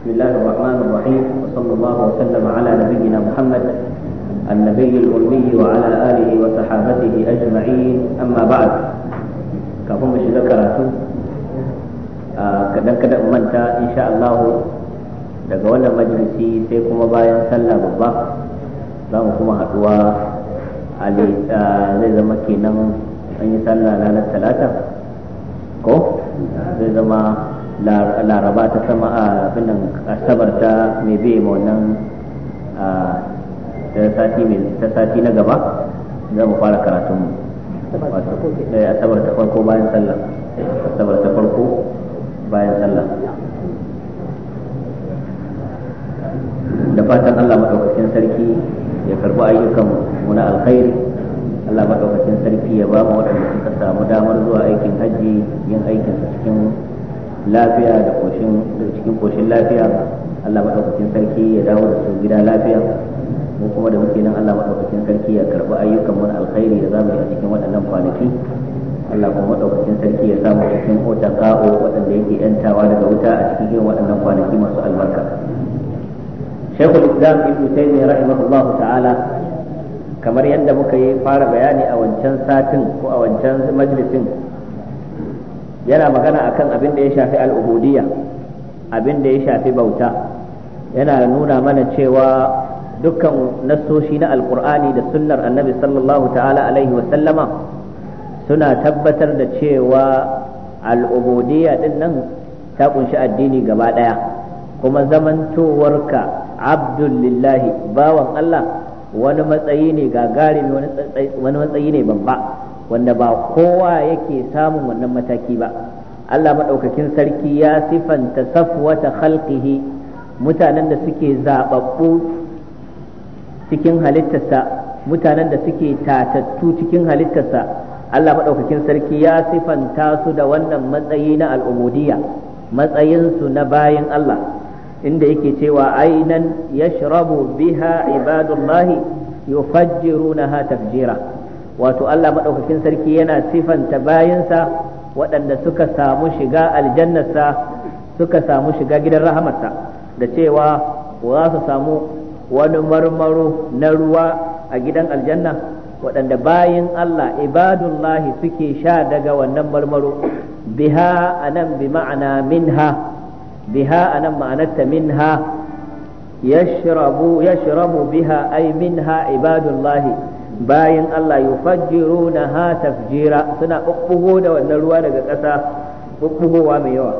بسم الله الرحمن الرحيم وصلى الله وسلم على نبينا محمد النبي الأمي وعلى آله وصحابته أجمعين أما بعد kafin mu shiga karatu kadan kadan manta insha Allah daga wannan majalisi sai kuma bayan sallah babba za mu kuma haduwa zai zama kenan an yi sallah ranar talata ko zai zama laraba ta sama a abin nan asabar ta mai bai ma wannan ta sati na gaba za mu fara karatunmu eh, asabar ta farko bayan sallah asabar ta farko bayan sallah da fatan Allah maɗaukakin sarki ya karɓi ayyukan mu na alkhairi Allah maɗaukakin sarki ya ba mu waɗanda suka samu damar zuwa aikin hajji yin aikinsa cikin lafiya da koshin da cikin koshin lafiya Allah madaukakin sarki ya dawo da su gida lafiya mu kuma da muke nan Allah madaukakin sarki ya karbi ayyukan mu alkhairi da zamu yi a cikin waɗannan kwanaki Allah kuma madaukakin sarki ya samu cikin otakao waɗanda yake yantawa daga wuta a cikin waɗannan kwanaki masu albarka Shaykhul Islam Ibn Taymiyyah rahimahullah ta'ala kamar yadda muka yi fara bayani a wancan satin ko a wancan majalisin yana magana akan abin da ya shafi al'ubudiyya abin da ya shafi bauta yana nuna mana cewa dukkan nassoshi na alkur'ani da sunnar annabi sallallahu ta'ala alaihi suna tabbatar da cewa al'ubudiyya din nan ta kunshi addini gaba ɗaya kuma zamantowarka abdullillahi bawan Allah wani matsayi ne gagarumi wani matsayi ne babba wanda ba kowa yake samun wannan mataki ba Allah maɗaukakin sarki ya sifanta safwata khalqihi mutanen da suke zaɓaɓɓu cikin halittarsa mutanen da suke tatattu cikin halittarsa Allah maɗaukakin sarki ya sifanta su da wannan matsayi na al'ubudiyya matsayinsu na bayan Allah inda yake cewa ainan yashrabu biha ibadullahi yufajjirunaha tafjira wato Allah maɗaukakin sarki yana sifanta bayansa waɗanda suka samu shiga aljannarsa suka samu shiga gidan rahamarsa da cewa za su samu wani marmaro na ruwa a gidan aljanna waɗanda bayin Allah ibadullahi suke sha daga wannan marmaro biha anan bi ma'ana minha biha anan ma'anarta minha yashrabu biha ay minha ibadullahi bayan Allah na ha tafjira suna bubbugo da wannan ruwa daga ƙasa bubbugowa mai yawa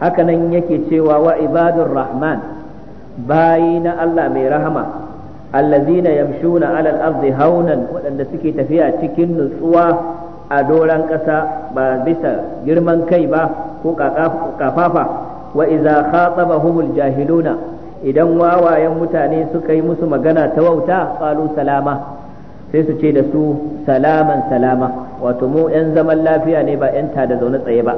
haka nan yake cewa wa ibadur rahman bayi na Allah mai rahama allazina yamshuna alal ardi haunan waɗanda suke tafiya cikin nutsuwa a doran ƙasa ba bisa girman kai ba ko kafafa wa iza khatabahumul jahiluna idan wawayen mutane suka yi musu magana ta wauta qalu salama sai su ce da su salaman salama wato mu 'yan zaman lafiya ne ba 'yan da zaune tsaye ba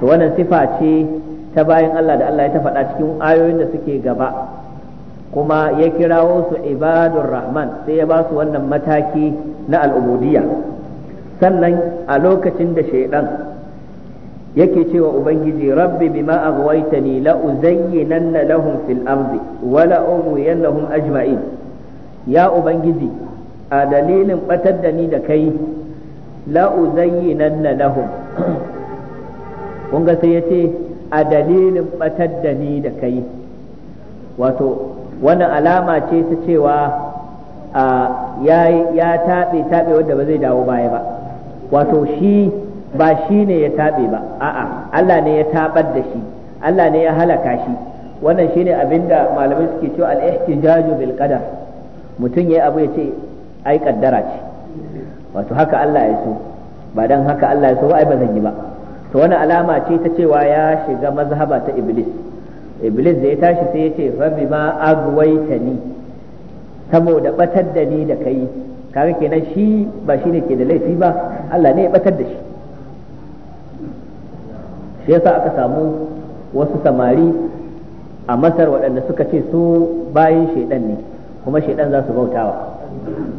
to wannan sifa ce ta bayan Allah da Allah ya ta faɗa cikin ayoyin da suke gaba kuma ya kirawo su ibadur rahman sai ya ba su wannan mataki na al'ubudiyya sannan a lokacin da shaidan yake cewa ubangiji rabbi bima aghwaytani la uzayyinanna lahum fil ardi wa la ajma'in ya ubangiji a dalilin batar da ni da kai la'uzayyinan na lahum kunga sai ya ce a dalilin batar da ni da kai wato wannan alama ce ta cewa ya taɓe taɓe wanda ba zai dawo baya ba wato shi ba shi ne ya taɓe ba a'a Allah ne ya taɓar da shi Allah ne ya halaka shi wannan shine abinda malamai suke cewa al-ihtijaju bil qadar mutum yayi abu ya ce ai kaddara ce wato haka Allah ya so ba dan haka Allah ya so ai ba zan yi ba to wani alama ce ta cewa ya shiga mazhaba ta iblis iblis da ya tashi sai ya ce rabbi ma agwaitani saboda batar da ni da kai kaga kenan shi ba shine ke da laifi ba Allah ne ya batar da shi shi yasa aka samu wasu samari a masar waɗanda suka ce su bayan shaidan ne kuma shaidan za su bautawa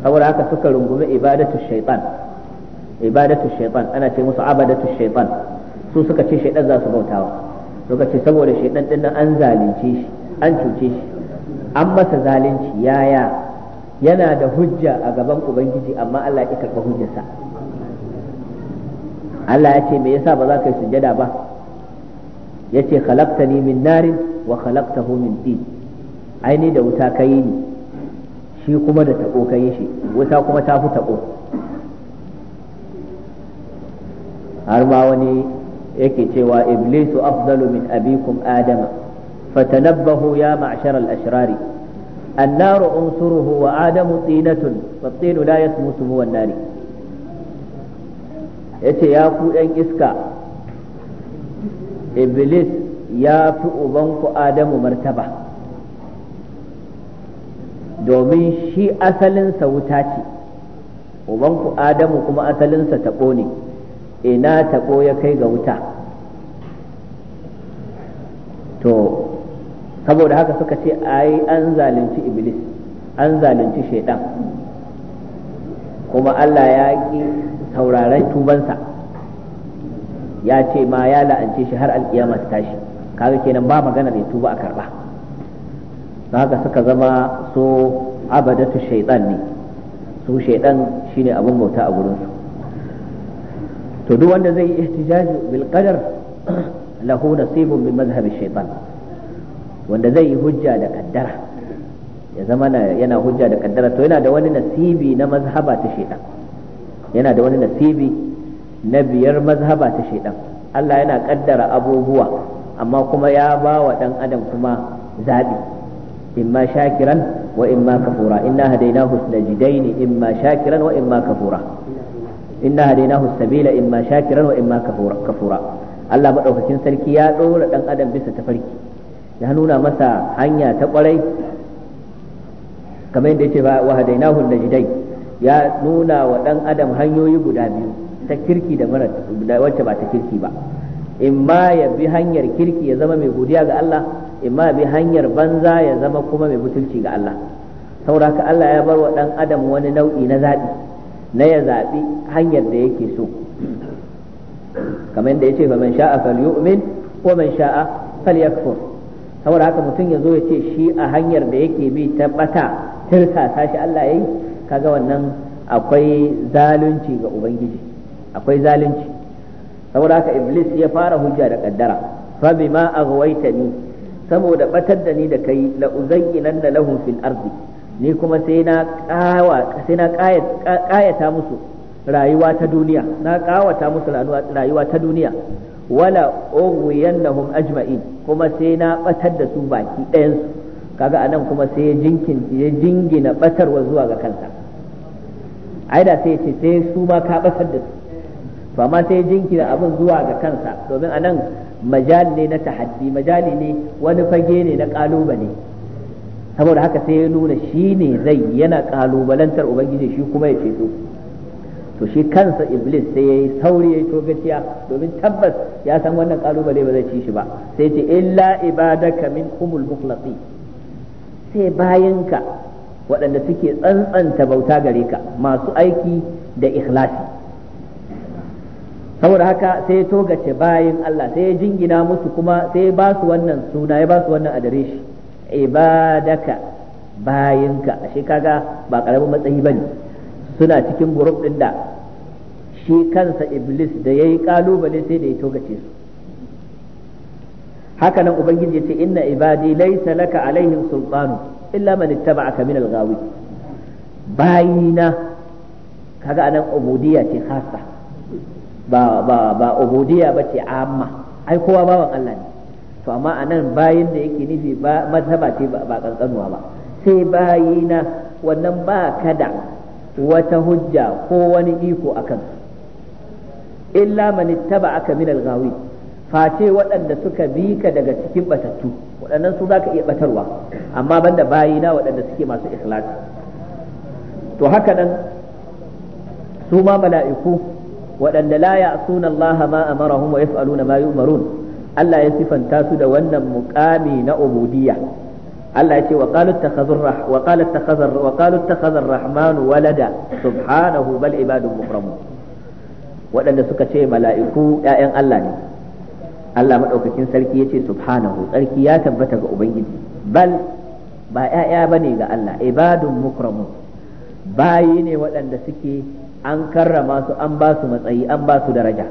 saboda haka suka rungumi ibadatu shaitan ibadatu shaitan ana ce musu abadatu shaitan su suka ce shaitan za su bautawa suka ce saboda shaitan din nan an zalunce shi an cuce shi an masa zalunci yaya yana da hujja a gaban ubangiji amma Allah ya karba hujjarsa Allah ya ce me yasa ba za ka yi sujada ba yace khalaqtani min narin wa khalaqtahu min tin aini da wuta kai ni shi kuma da taɓo ka yi shi wuta kuma ta fi taɓo har ma wani yake cewa iblisu afdalu min abikum adama fatanabbahu ya ma'shar al adamu النار عنصره tsinu طينة والطين لا يسمو سمو النار yace ya ku ɗan iska iblis ya fi ubanku adamu martaba domin shi asalinsa wuta ce ubanku adamu kuma asalinsa taɓo ne ina taɓo ya kai ga wuta to saboda haka suka ce ai an zalunci iblis an zalunci shaidan kuma allah ya ƙi sauraron tubansa ya ce ma ya la'ance shi har alkiyama ta tashi kaga kenan ba maganar ya tuba a karɓa. haka suka zama su abadatu shaitan ne su shaitan shine abin bauta a gurinsu to duk wanda zai yi ihtijaju bil qadar lahu nasibun min mazhabi shaitan wanda zai yi hujja da kaddara ya zama yana hujja da kaddara to yana da wani nasibi na mazhaba ta shaitan yana da wani nasibi na biyar mazhaba ta shaitan Allah yana kaddara abubuwa amma kuma ya ba wa dan adam kuma zabi imma shakiran wa imma kafura inna hadainahu najidain imma shakiran wa imma kafura inna hadainahu sabila imma shakiran wa imma kafura Allah madaukakin sarki ya dora dan adam bisa tafarki ya nuna masa hanya ta kwarai kamar yadda yake ba wa hadainahu najidain ya nuna wa dan adam hanyoyi guda biyu ta kirki da da wacce ba ta kirki ba in ma ya bi hanyar kirki ya zama mai godiya ga Allah imma bi hanyar banza ya zama kuma mai mutunci ga Allah sauraka Allah ya bar wa dan adam wani nau'i na zaɓi na ya zaɓi hanyar da yake so kamar da yace fa man sha'a falyu'min wa man sha'a falyakfur saboda sauraka mutum ya zo ya ce shi a hanyar da yake bi ta tirsa sashi Allah yayi kaga wannan akwai zalunci ga ubangiji akwai zalunci saboda haka iblis ya fara hujja da kaddara fa bima aghwaytani saboda batar da ni da kai la da lahum fil ardi ni kuma sai na kawa sai na kayata musu rayuwa ta duniya na kawata musu rayuwa ta duniya wala ughwiyannahum ajma'in kuma sai na batar da su baki ɗayan su kaga anan kuma sai ya jinkin ya jingina batarwa zuwa ga kansa Aida sai ya ce sai su ma ka batar da su to amma sai jinkira abin zuwa ga kansa domin anan majali ne na tahaddi majali ne wani fage ne na kalubale saboda haka sai ya nuna shi ne zai yana kalubalantar ubangiji shi kuma ya ceto to shi kansa iblis sai ya yi sauri ya yi togaciya domin tabbas ya san wannan kalubale ba zai ci shi ba sai ce illa ibadaka min kumul mukhlasi sai bayanka waɗanda suke tsantsanta bauta gare ka masu aiki da ikhlasi saboda haka sai ya togace bayin Allah sai ya jingina musu kuma sai ya ba su wannan suna ya ba su wannan adireshi ibadaka bayinka ashe kaga ba karamin matsayi bane suna cikin group din da shi kansa iblis da yayi kalubale sai da ya togace su haka nan ubangiji ya ce inna ibadi laysa laka alaihim sultanu illa man ittaba'aka min al-ghawi bayina kaga anan ubudiyya ce khassa ba ba ba ubudiyya bace amma ai kowa bawan Allah ne to amma anan bayin da yake nufi ba mazhaba ce ba kankanuwa ba sai bayina wannan ba kada wata hujja ko wani iko akan illa man ittaba'aka min al-ghawi face waɗanda suka bi ka daga cikin batattu waɗannan su zaka iya batarwa amma banda bayina waɗanda suke masu ikhlasi to haka nan su ma mala'iku waɗanda la ya'suna Allah ma amarahum wa yaf'aluna ma yu'marun Allah ya sifanta su da wannan muqami na ubudiyya Allah ya ce wa qalu ittakhadhur rah wa qala ittakhadhur wa qalu ittakhadhur rahman walada subhanahu bal ibadun mukramun waɗanda suka ce mala'iku ƴaƴan Allah ne Allah madaukakin sarki yace subhanahu sarki ya tabbata ga ubangiji bal ba ƴaƴa bane ga Allah ibadun mukramun bayi ne waɗanda suke an karrama su an ba su matsayi an ba su daraja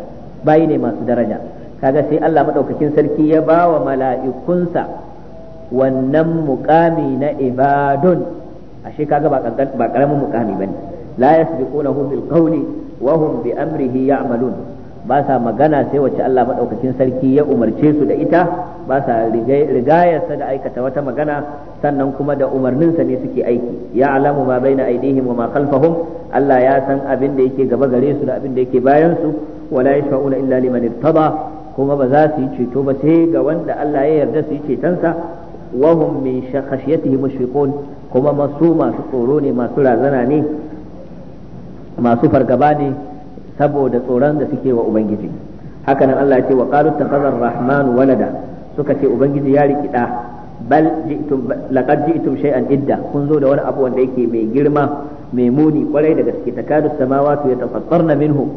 bayi ne masu daraja kaga sai Allah madaukakin sarki ya ba wa mala'ikunsa wannan mukami na ibadun ashe kaga ba karamin mukami bane la hum bil qawli wa hum bi amrihi ya'malun ba sa magana sai wacce Allah maɗaukakin sarki ya umarce su da ita ba sa rigayarsa da aikata wata magana sannan kuma da umarninsa ne suke aiki ya alamu ma baina aidihim wa ma khalfahum Allah ya san abin da yake gaba gare su da abin da yake bayan su wala yashfa'una illa liman irtada kuma ba za su yi ceto ba sai ga wanda Allah ya yarda su yi cetonsa wa hum min khashyatihi mushfiqun kuma masu masu tsoro ne masu razana ne masu fargaba ne saboda tsoron da suke wa ubangiji haka nan Allah ya ce wa qalu takhazar rahman walada suka ce ubangiji ya riki da bal ji'tum laqad ji'tum shay'an idda kun zo da wani abu wanda yake mai girma mai muni kwarai da gaske takadu samawati yatafattarna minhu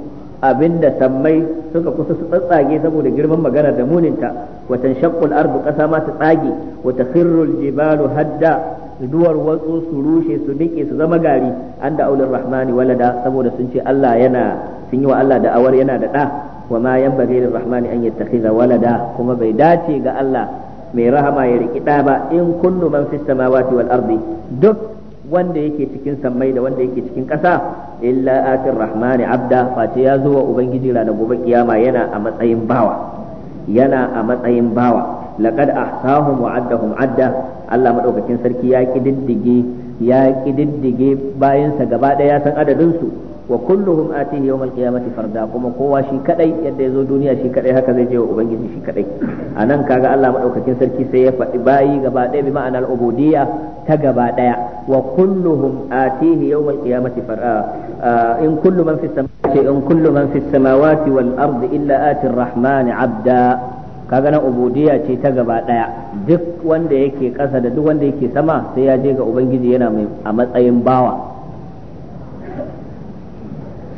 abinda sammai suka kusa su tsatsage saboda girman magana da muninta wa tanshaqqul ardu qasa ma ta tsage wa takhirrul jibalu hadda duwar watsu su rushe su dike su zama gari anda aulir rahmani walada saboda sun ce Allah yana sun yi wa Allah da'awar yana da ɗa wa ma yanbaghi lirrahmani an yattakhidha walada kuma bai dace ga Allah mai rahama ya riki ɗa ba in kullu man fis samawati wal ardi duk wanda yake cikin sammai da wanda yake cikin ƙasa illa atir rahmani abda face ya zo wa ubangiji ranar gobe kiyama yana a matsayin bawa yana a matsayin bawa laqad ahsahum wa addahum adda Allah madaukakin sarki ya kididdige ya kididdige bayansa gaba ɗaya ya san adadin su wa kulluhum atihi yawm al-qiyamati farda kuma kowa shi kadai yadda zo duniya shi kadai haka zai je wa ubangiji shi kadai anan kaga Allah madaukakin sarki sai ya faɗi bayi gaba ɗaya bi ma'anar ubudiyya ta gaba ɗaya wa kulluhum atihi yawm al-qiyamati farda uh, in kullu man fis samawati in kullu man fis samawati wal illa ati rahman kaga nan ubudiyya ce ta gaba ɗaya duk wanda yake kasa da duk wanda yake sama sai ya je ga ubangiji yana mai a matsayin bawa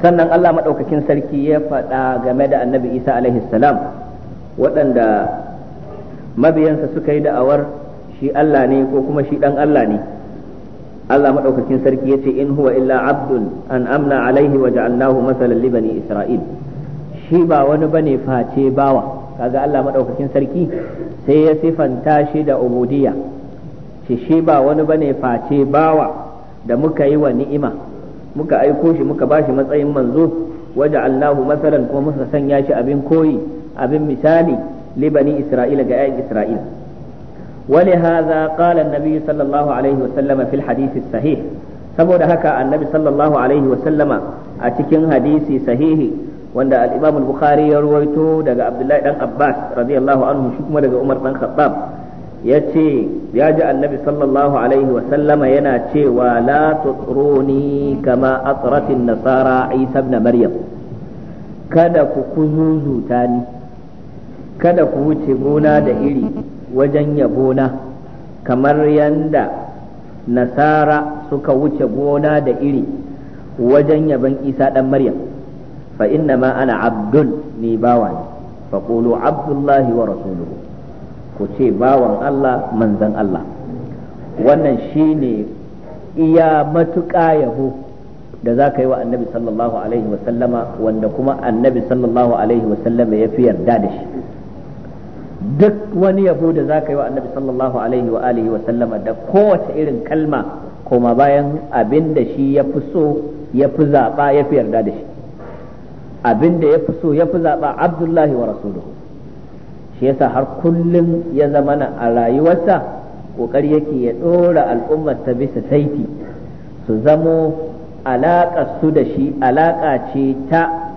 sannan Allah maɗaukakin sarki ya faɗa game da annabi isa alaihi salam waɗanda mabiyansa suka yi da'awar shi Allah ne ko kuma shi ɗan Allah ne Allah maɗaukakin sarki ya ce in huwa illa abdun an amna alaihi wa ja'alnahu masalan li bani isra'il shi ba wani bane face bawa kaga Allah maɗaukakin sarki sai ya sifanta shi da ubudiyya shi shi ba wani bane face bawa da muka yi wa ni'ima muka aiko shi muka bashi matsayin manzo waja'alnahu masalan kuma muka sanya shi abin koyi abin misali libani isra'ila ga ayyan isra'ila ولهذا قال النبي nabi الله عليه وسلم في hadisi الصحيح saboda haka annabi sallallahu alaihi wa sallama a cikin hadisi sahihi wanda al-imam al-bukhari ya ruwaito daga abdullahi dan abbas radiyallahu anhu shi kuma daga umar dan khattab ya ce ya ji annabi sallallahu alaihi wasallama yana cewa la tutruni kama atratin nasara isa ibn maryam kada ku kuzuzuta ni kada ku wuce gona da iri wajen yabona kamar yanda nasara suka wuce gona da iri wajen yaban isa dan maryam fa inna ma ana abdul ni bawa ne fa qulu abdullahi wa rasuluhu ku ce bawan Allah manzan Allah wannan shine iya matuƙa yabo da za ka yi wa annabi sallallahu alaihi wasallama wanda kuma annabi sallallahu alaihi wasallama ya fi yarda da shi duk wani yabo da za ka yi wa annabi sallallahu alaihi wa alihi wasallama da kowace irin kalma koma bayan abin da shi ya fi so ya fi zaɓa ya fi yarda da shi abin da ya fi so ya fi zaɓa abdullahi wa rasuluhu shi yasa har kullum ya zama na a rayuwarsa kokari yake ya dora al'ummar ta bisa saiti su zamo alaƙar su da shi alaka ce ta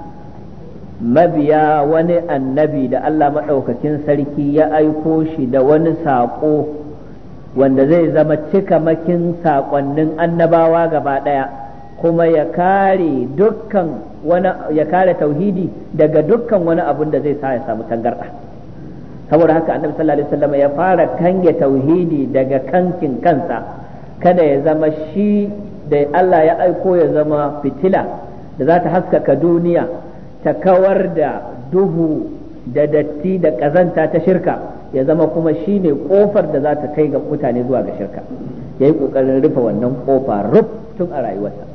mabiya wani annabi da Allah maɗaukakin sarki ya aiko shi da wani saƙo wanda zai zama cika makin saƙonnin annabawa gaba ɗaya kuma ya kare dukkan wani ya kare tauhidi daga dukkan wani abun da zai sa ya samu tangarɗa saboda haka annabi sallallahu alaihi wasallam ya fara kange tauhidi daga kankin kansa kada ya zama shi da Allah ya aiko ya zama fitila da za ta haskaka duniya ta kawar da duhu da datti da kazanta ta shirka ya zama kuma shi ne kofar da za ta kai ga mutane zuwa ga shirka ya yi ƙoƙarin rufe wannan kofa ruf tun a rayuwarsa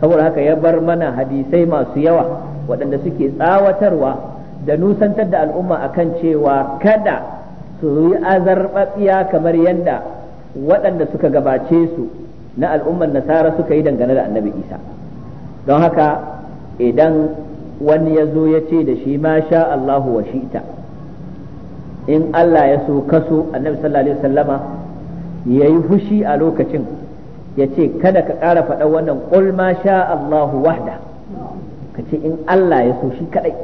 saboda haka ya bar mana hadisai masu yawa waɗanda suke tsawatarwa da nusantar da al'umma akan cewa kada su yi azarbaɓiya kamar yadda waɗanda suka gabace su na al'ummar nasara suka yi dangane da annabi isa don haka idan wani ya zo ya ce da shi ma sha Allahu wa shi'ta in Allah ya so kaso annabi sallallahu alaihi wasallama ya yi fushi a lokacin ya ce kada ka ƙara faɗa wannan ƙul ma sha Allahu wahda ka ce in Allah ya so shi kaɗai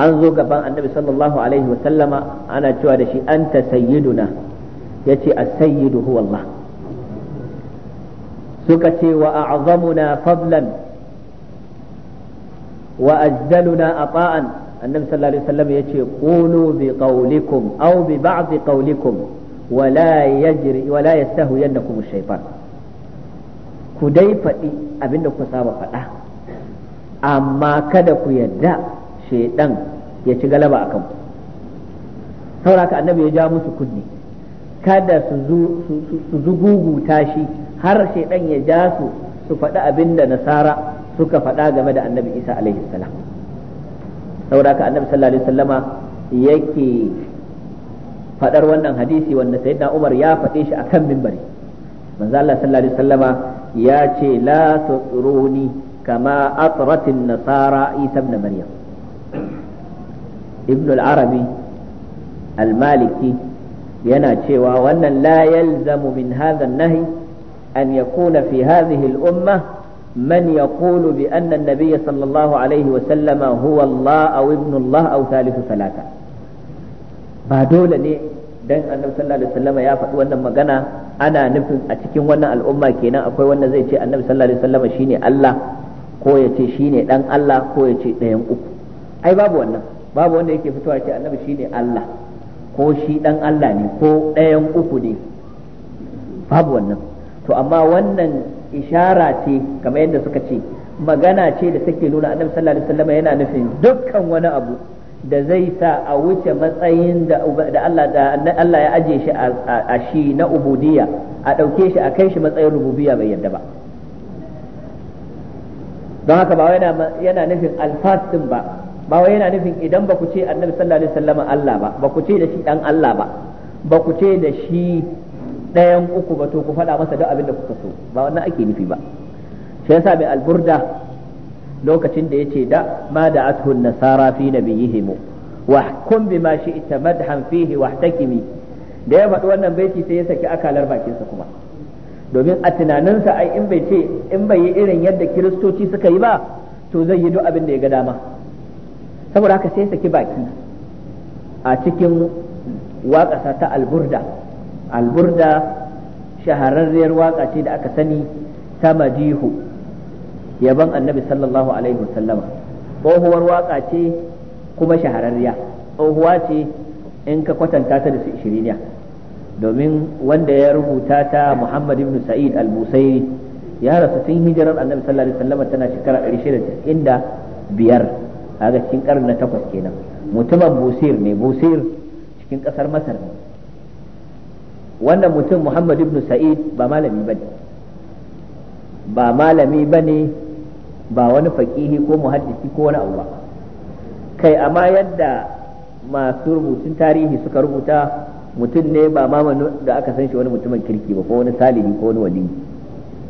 an zo gaban annabi sallallahu alaihi wa sallama ana cewa da shi anta sayyiduna yace as-sayyidu huwa Allah suka ce wa a'zamuna fadlan wa ajdaluna ata'an annabi sallallahu alaihi wa sallam yace qulu bi qawlikum aw bi ba'd qawlikum wa la yajri wa la yastahiyannakum ash-shaytan ku dai fadi abinda ku saba faɗa amma kada ku yadda shaidan ya ci galaba a kanku sauraka annabi ya ja musu kunni kada su zugugu tashi har shaidan ya ja su su faɗi abin da nasara suka faɗa game da annabi isa alaihi salam sauraka annabi sallallahu alaihi wasallama yake faɗar wannan hadisi wanda sayyidina umar ya faɗe shi akan mimbari manzo Allah sallallahu alaihi sallama ya ce la tutruni kama atratin nasara isa ibn maryam ibn al-arabi al yana cewa wannan la yalzamu min hadha nahi an yakuna fi hadhihi al-umma man yaqulu bi anna an-nabiy alaihi wa sallama huwa Allah aw ibn Allah aw ba dole ne dan annabi sallallahu alaihi wasallama ya faɗi wannan magana ana nufin a cikin wannan al'umma kenan akwai wanda zai ce annabi sallallahu alaihi wasallama shine Allah ko ya ce dan Allah ko ya ce uku ai babu wannan babu wanda yake fitowa ce annabi shine Allah ko shi dan Allah ne ko ɗayan uku ne babu wannan to amma wannan ishara ce kamar yadda suka ce magana ce da take nuna annabi sallallahu alaihi wasallam yana nufin dukkan wani abu da zai sa a wuce matsayin da Allah da Allah ya aje shi a shi na ubudiyya a ɗauke shi a kai shi matsayin rububiyya bai yadda ba don haka ba yana nufin alfas ba ba wai yana nufin idan ba ku ce annabi sallallahu alaihi wasallam Allah ba ba ku ce da shi dan Allah ba ba ku ce da shi ɗayan uku ba to ku faɗa masa duk abin da kuka so ba wannan ake nufi ba shi yasa bai alburda lokacin da yace da ma da athun nasara fi nabiyihim wa hukum bima shi'ta madhan fihi wahtakimi da ya faɗi wannan baiti sai ya saki akalar bakinsa kuma domin a tunaninsa ai in bai ce in bai yi irin yadda kiristoci suka yi ba to zai yi duk abin da ya ga dama saboda haka sai saki baki a cikin waƙasa ta alburda alburda shahararriyar waƙa ce da aka sani ta madihu yaban annabi sallallahu alaihi wasallama tsohuwar waƙa ce kuma shahararriya tsohuwa ce in ka kwatanta ta da su ishiriniya domin wanda ya rubuta ta muhammad ibn sa'id al-busairi ya rasu tun hijirar annabi sallallahu alaihi wasallama tana shekara 695 kaga cikin karni na takwas kenan mutumin busir ne busir cikin kasar masar ne wannan mutum muhammad ibn sa'id ba malami bane ba malami bane ba wani faƙihi ko muhaddisi ko wani abu ba kai amma yadda masu rubutun tarihi suka rubuta mutum ne ba mamanu da aka san shi wani mutumin kirki ba ko wani salihi ko wani wali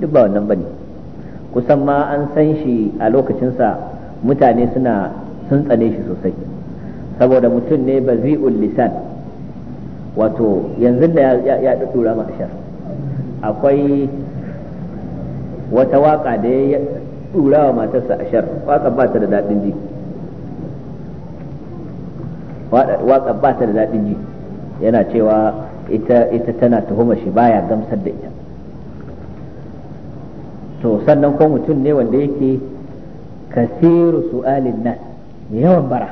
duk ba wannan bane kusan ma an san shi a lokacinsa mutane suna sun tsane shi sosai saboda mutum ne ba bazi'ul lisan wato yanzu da ya ɗaɗɗura ma ashar akwai wata waka da ya ɗura wa matarsa ashar waka ba ta da daɗin ji waka ba ta da daɗin ji yana cewa ita ita tana tuhuma shi baya gamsar da ita to sannan ko mutum ne wanda yake kasiru su'alin nan da yawan bara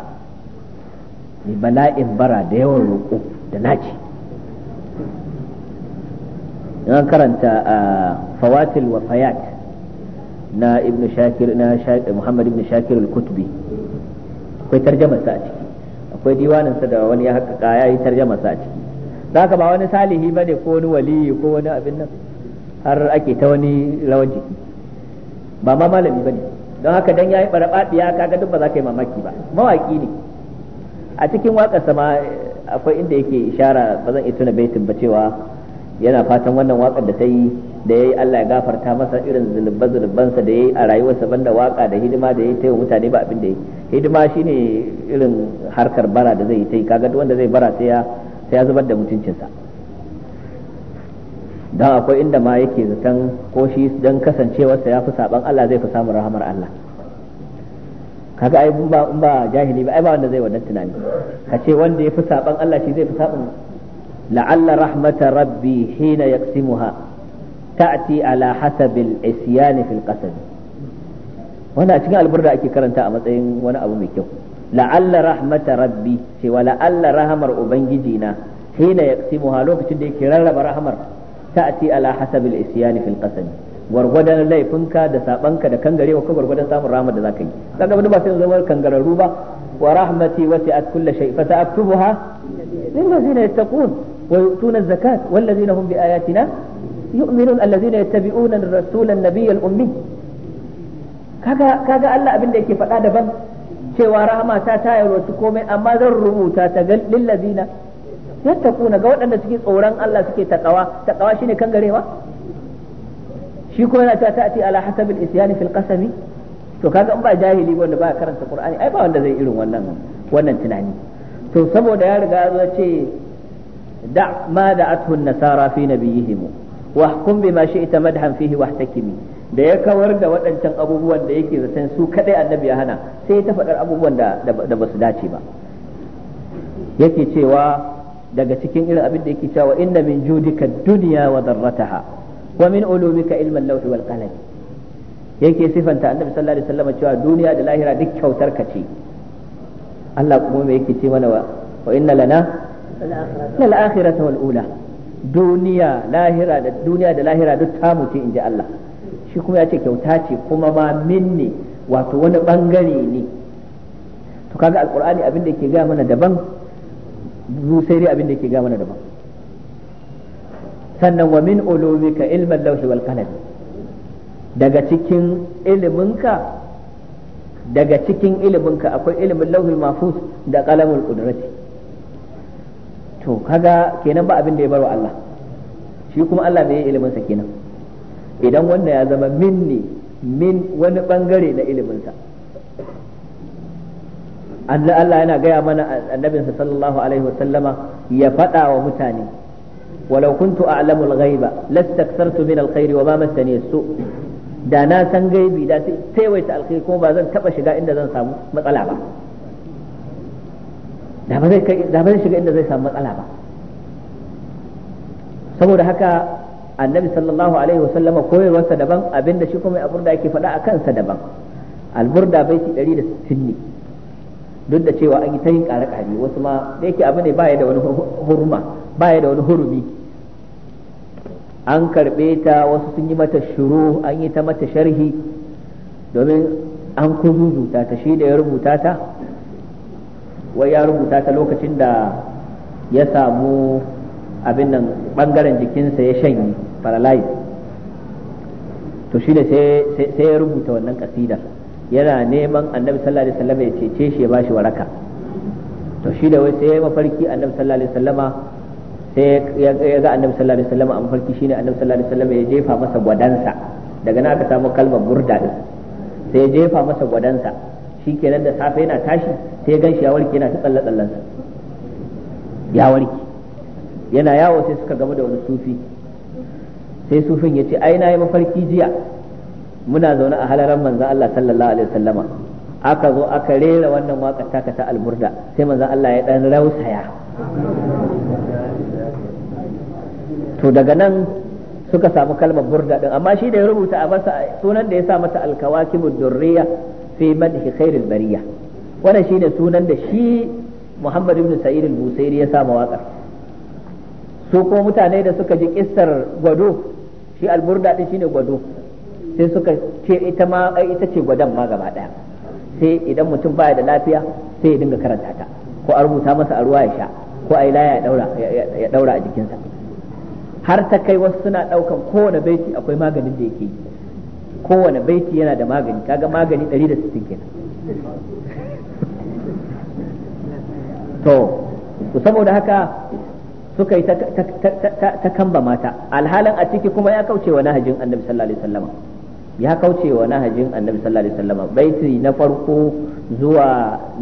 mai bala'in bara da yawan roƙo da naci an karanta a fawatil fayat na ibn shakir na muhammad ibn shakir al-kutubi akwai sa a ciki akwai sa da wani ya haƙaƙa ya yi sa a ciki za ka ba wani salihi ba ne ko wani wali ko wani abin nan har ake ta wani rawar jiki ba ma malami ba ne don haka dan yayi barbaɗiya kaga duk ba za ka yi mamaki ba mawaki ne a cikin waƙar sama eh, akwai inda yake ishara ba zan iya tuna baitin ba cewa yana fatan wannan waƙar da ta yi da ya yi Allah ya gafarta masa irin zulubban zulubbansa da ya yi a rayuwarsa banda waka da hidima da ya ta mutane ba abin da ya yi hidima shine irin harkar bara da zai yi ta yi kaga duk wanda zai bara sai ya sai ya zubar da mutuncinsa don akwai inda ma yake zaton ko shi don kasancewarsa ya fi saban Allah zai fi samun rahamar Allah kaga ai ba ba jahili ba ai ba wanda zai wannan tunani ka ce wanda ya fi saban Allah shi zai fi saban la'alla rahmata rabbi hina yaqsimuha ta'ti ala hasabil isyan fil qasad wannan a cikin alburda ake karanta a matsayin wani abu mai kyau la'alla rahmata rabbi wa la'alla rahamar ubangiji na hina yaqsimuha lokacin da yake rarraba rahamar ta'ati ala hasabil isyan fil qasam gwargwadon laifinka da sabanka da kangarewa ka gwargwadon samun rahmat da zaka yi kaga wani ba sai zama kangararru ba wa rahmati wasi'at kulli shay fa sa'aktubuha lil ladzina yattaqun wa yu'tuna az-zakat wal ladzina hum bi ayatina yu'minun alladzina yattabi'una ar-rasula an-nabiyya al-ummi kaga kaga Allah abin da yake faɗa daban cewa rahama ta ta yalwaci komai amma zan rubuta ta lil ladzina yattaquna ga waɗanda suke tsoron Allah suke taqawa taqawa shine kan garewa. shi ko yana ta ta'ati ala al isyani fil qasami to kaga in ba jahili wanda ba karanta qur'ani ai ba wanda zai irin wannan wannan tunani to saboda ya riga ya ce da ma da athun nasara fi nabiyihim wa hukum bima shi'ta madhan fihi wahtakimi da ya kawar da waɗancan abubuwan da yake zaton su kadai annabi ya hana sai ta faɗar abubuwan da da basu dace ba yake cewa daga cikin irin abin da yake cewa inna min judika dunya wa darrataha wa min ulumika ilman lawh wal qalam yake sifanta annabi sallallahu alaihi wasallam cewa duniya da lahira duk kyautar ka ce Allah kuma me yake ce mana wa inna lana lal akhirata wal ula duniya lahira da duniya da lahira duk tamu ce inji Allah shi kuma ya ce kyauta ce kuma ma minni wato wani bangare ne to kaga alqur'ani abin da yake ga mana daban zu sai dai abin da yake ga mana daban sannan wa min ulumika ilmal lawhi wal qalam daga cikin iliminka daga cikin iliminka akwai ilimin lauhul mahfuz da qalamul qudrati to kaga kenan ba abin da ya barwa Allah shi kuma Allah bai yi ilimin sa kenan idan wannan ya zama minni min wani bangare na iliminsa Allah yana gaya mana annabinsa sallallahu alaihi wa sallama ya faɗa wa mutane walau kuntu a'lamu al-ghaiba lastakthartu min al-khairi wa ma massani as-su da na san gaibi da sai taiwaita alkhairi kuma ba zan taba shiga inda zan samu matsala ba da ba zai da ba zai shiga inda zai samu matsala ba saboda haka annabi sallallahu alaihi wa sallama koyarwarsa daban abinda shi kuma abin da yake fada a kansa daban alburda baiti 160 ne duk da cewa an yi ta yin ƙare-ƙare wasu ma da yake abu ne baya da wani hurma baya da wani hurumi an karɓe ta wasu sun yi mata shuru an yi ta mata sharhi domin an kuzuzuta ta shi da ya rubuta ta wai ya rubuta ta lokacin da ya samu abin nan bangaren jikinsa ya shanye paralyze to shi ne sai ya rubuta wannan kasidar yana neman annabi sallallahu alaihi wasallam ya cece shi ya bashi waraka to shi da wai sai ya mafarki annabi sallallahu alaihi wasallama sai ya ga annabi sallallahu alaihi wasallama a mafarki shine annabi sallallahu alaihi wasallama ya jefa masa gwadansa daga nan aka samu kalmar burda din sai ya jefa masa gwadansa shikenan da safe yana tashi sai ya ganshi ya warke yana ta tsalle tsallen ya warke yana yawo sai suka gama da wani sufi sai sufin ya ce ai na yi mafarki jiya muna zaune a halaran manzon Allah sallallahu alaihi wasallama aka zo aka rera wannan waka taka ta alburda sai manzan Allah ya dan rausaya to daga nan suka samu kalmar burda din amma shi da ya rubuta a masa sunan da ya sa mata alkawakibud durriya fi madhi khairil bariya wannan shine sunan da shi Muhammad ibn Sa'id al-Busairi ya sa waƙar su ko mutane da suka ji kissar gwado shi alburda din shine gwado sai suka ce ita ma ita ce gwadan ma gaba daya sai idan mutum baya da lafiya sai ya dinga karanta ta ko a rubuta masa a ruwa ya sha ko a ilaya ya daura ya daura a jikinsa har ta kai wasu suna daukan kowane baiti akwai maganin da yake yi kowane baiti yana da magani kaga magani 160 kenan to saboda haka suka yi ta kamba mata alhalin a ciki kuma ya kauce wa nahajin annabi sallallahu alaihi wasallam ya kauce wa nahajin annabi sallallahu alaihi wasallam baiti na farko zuwa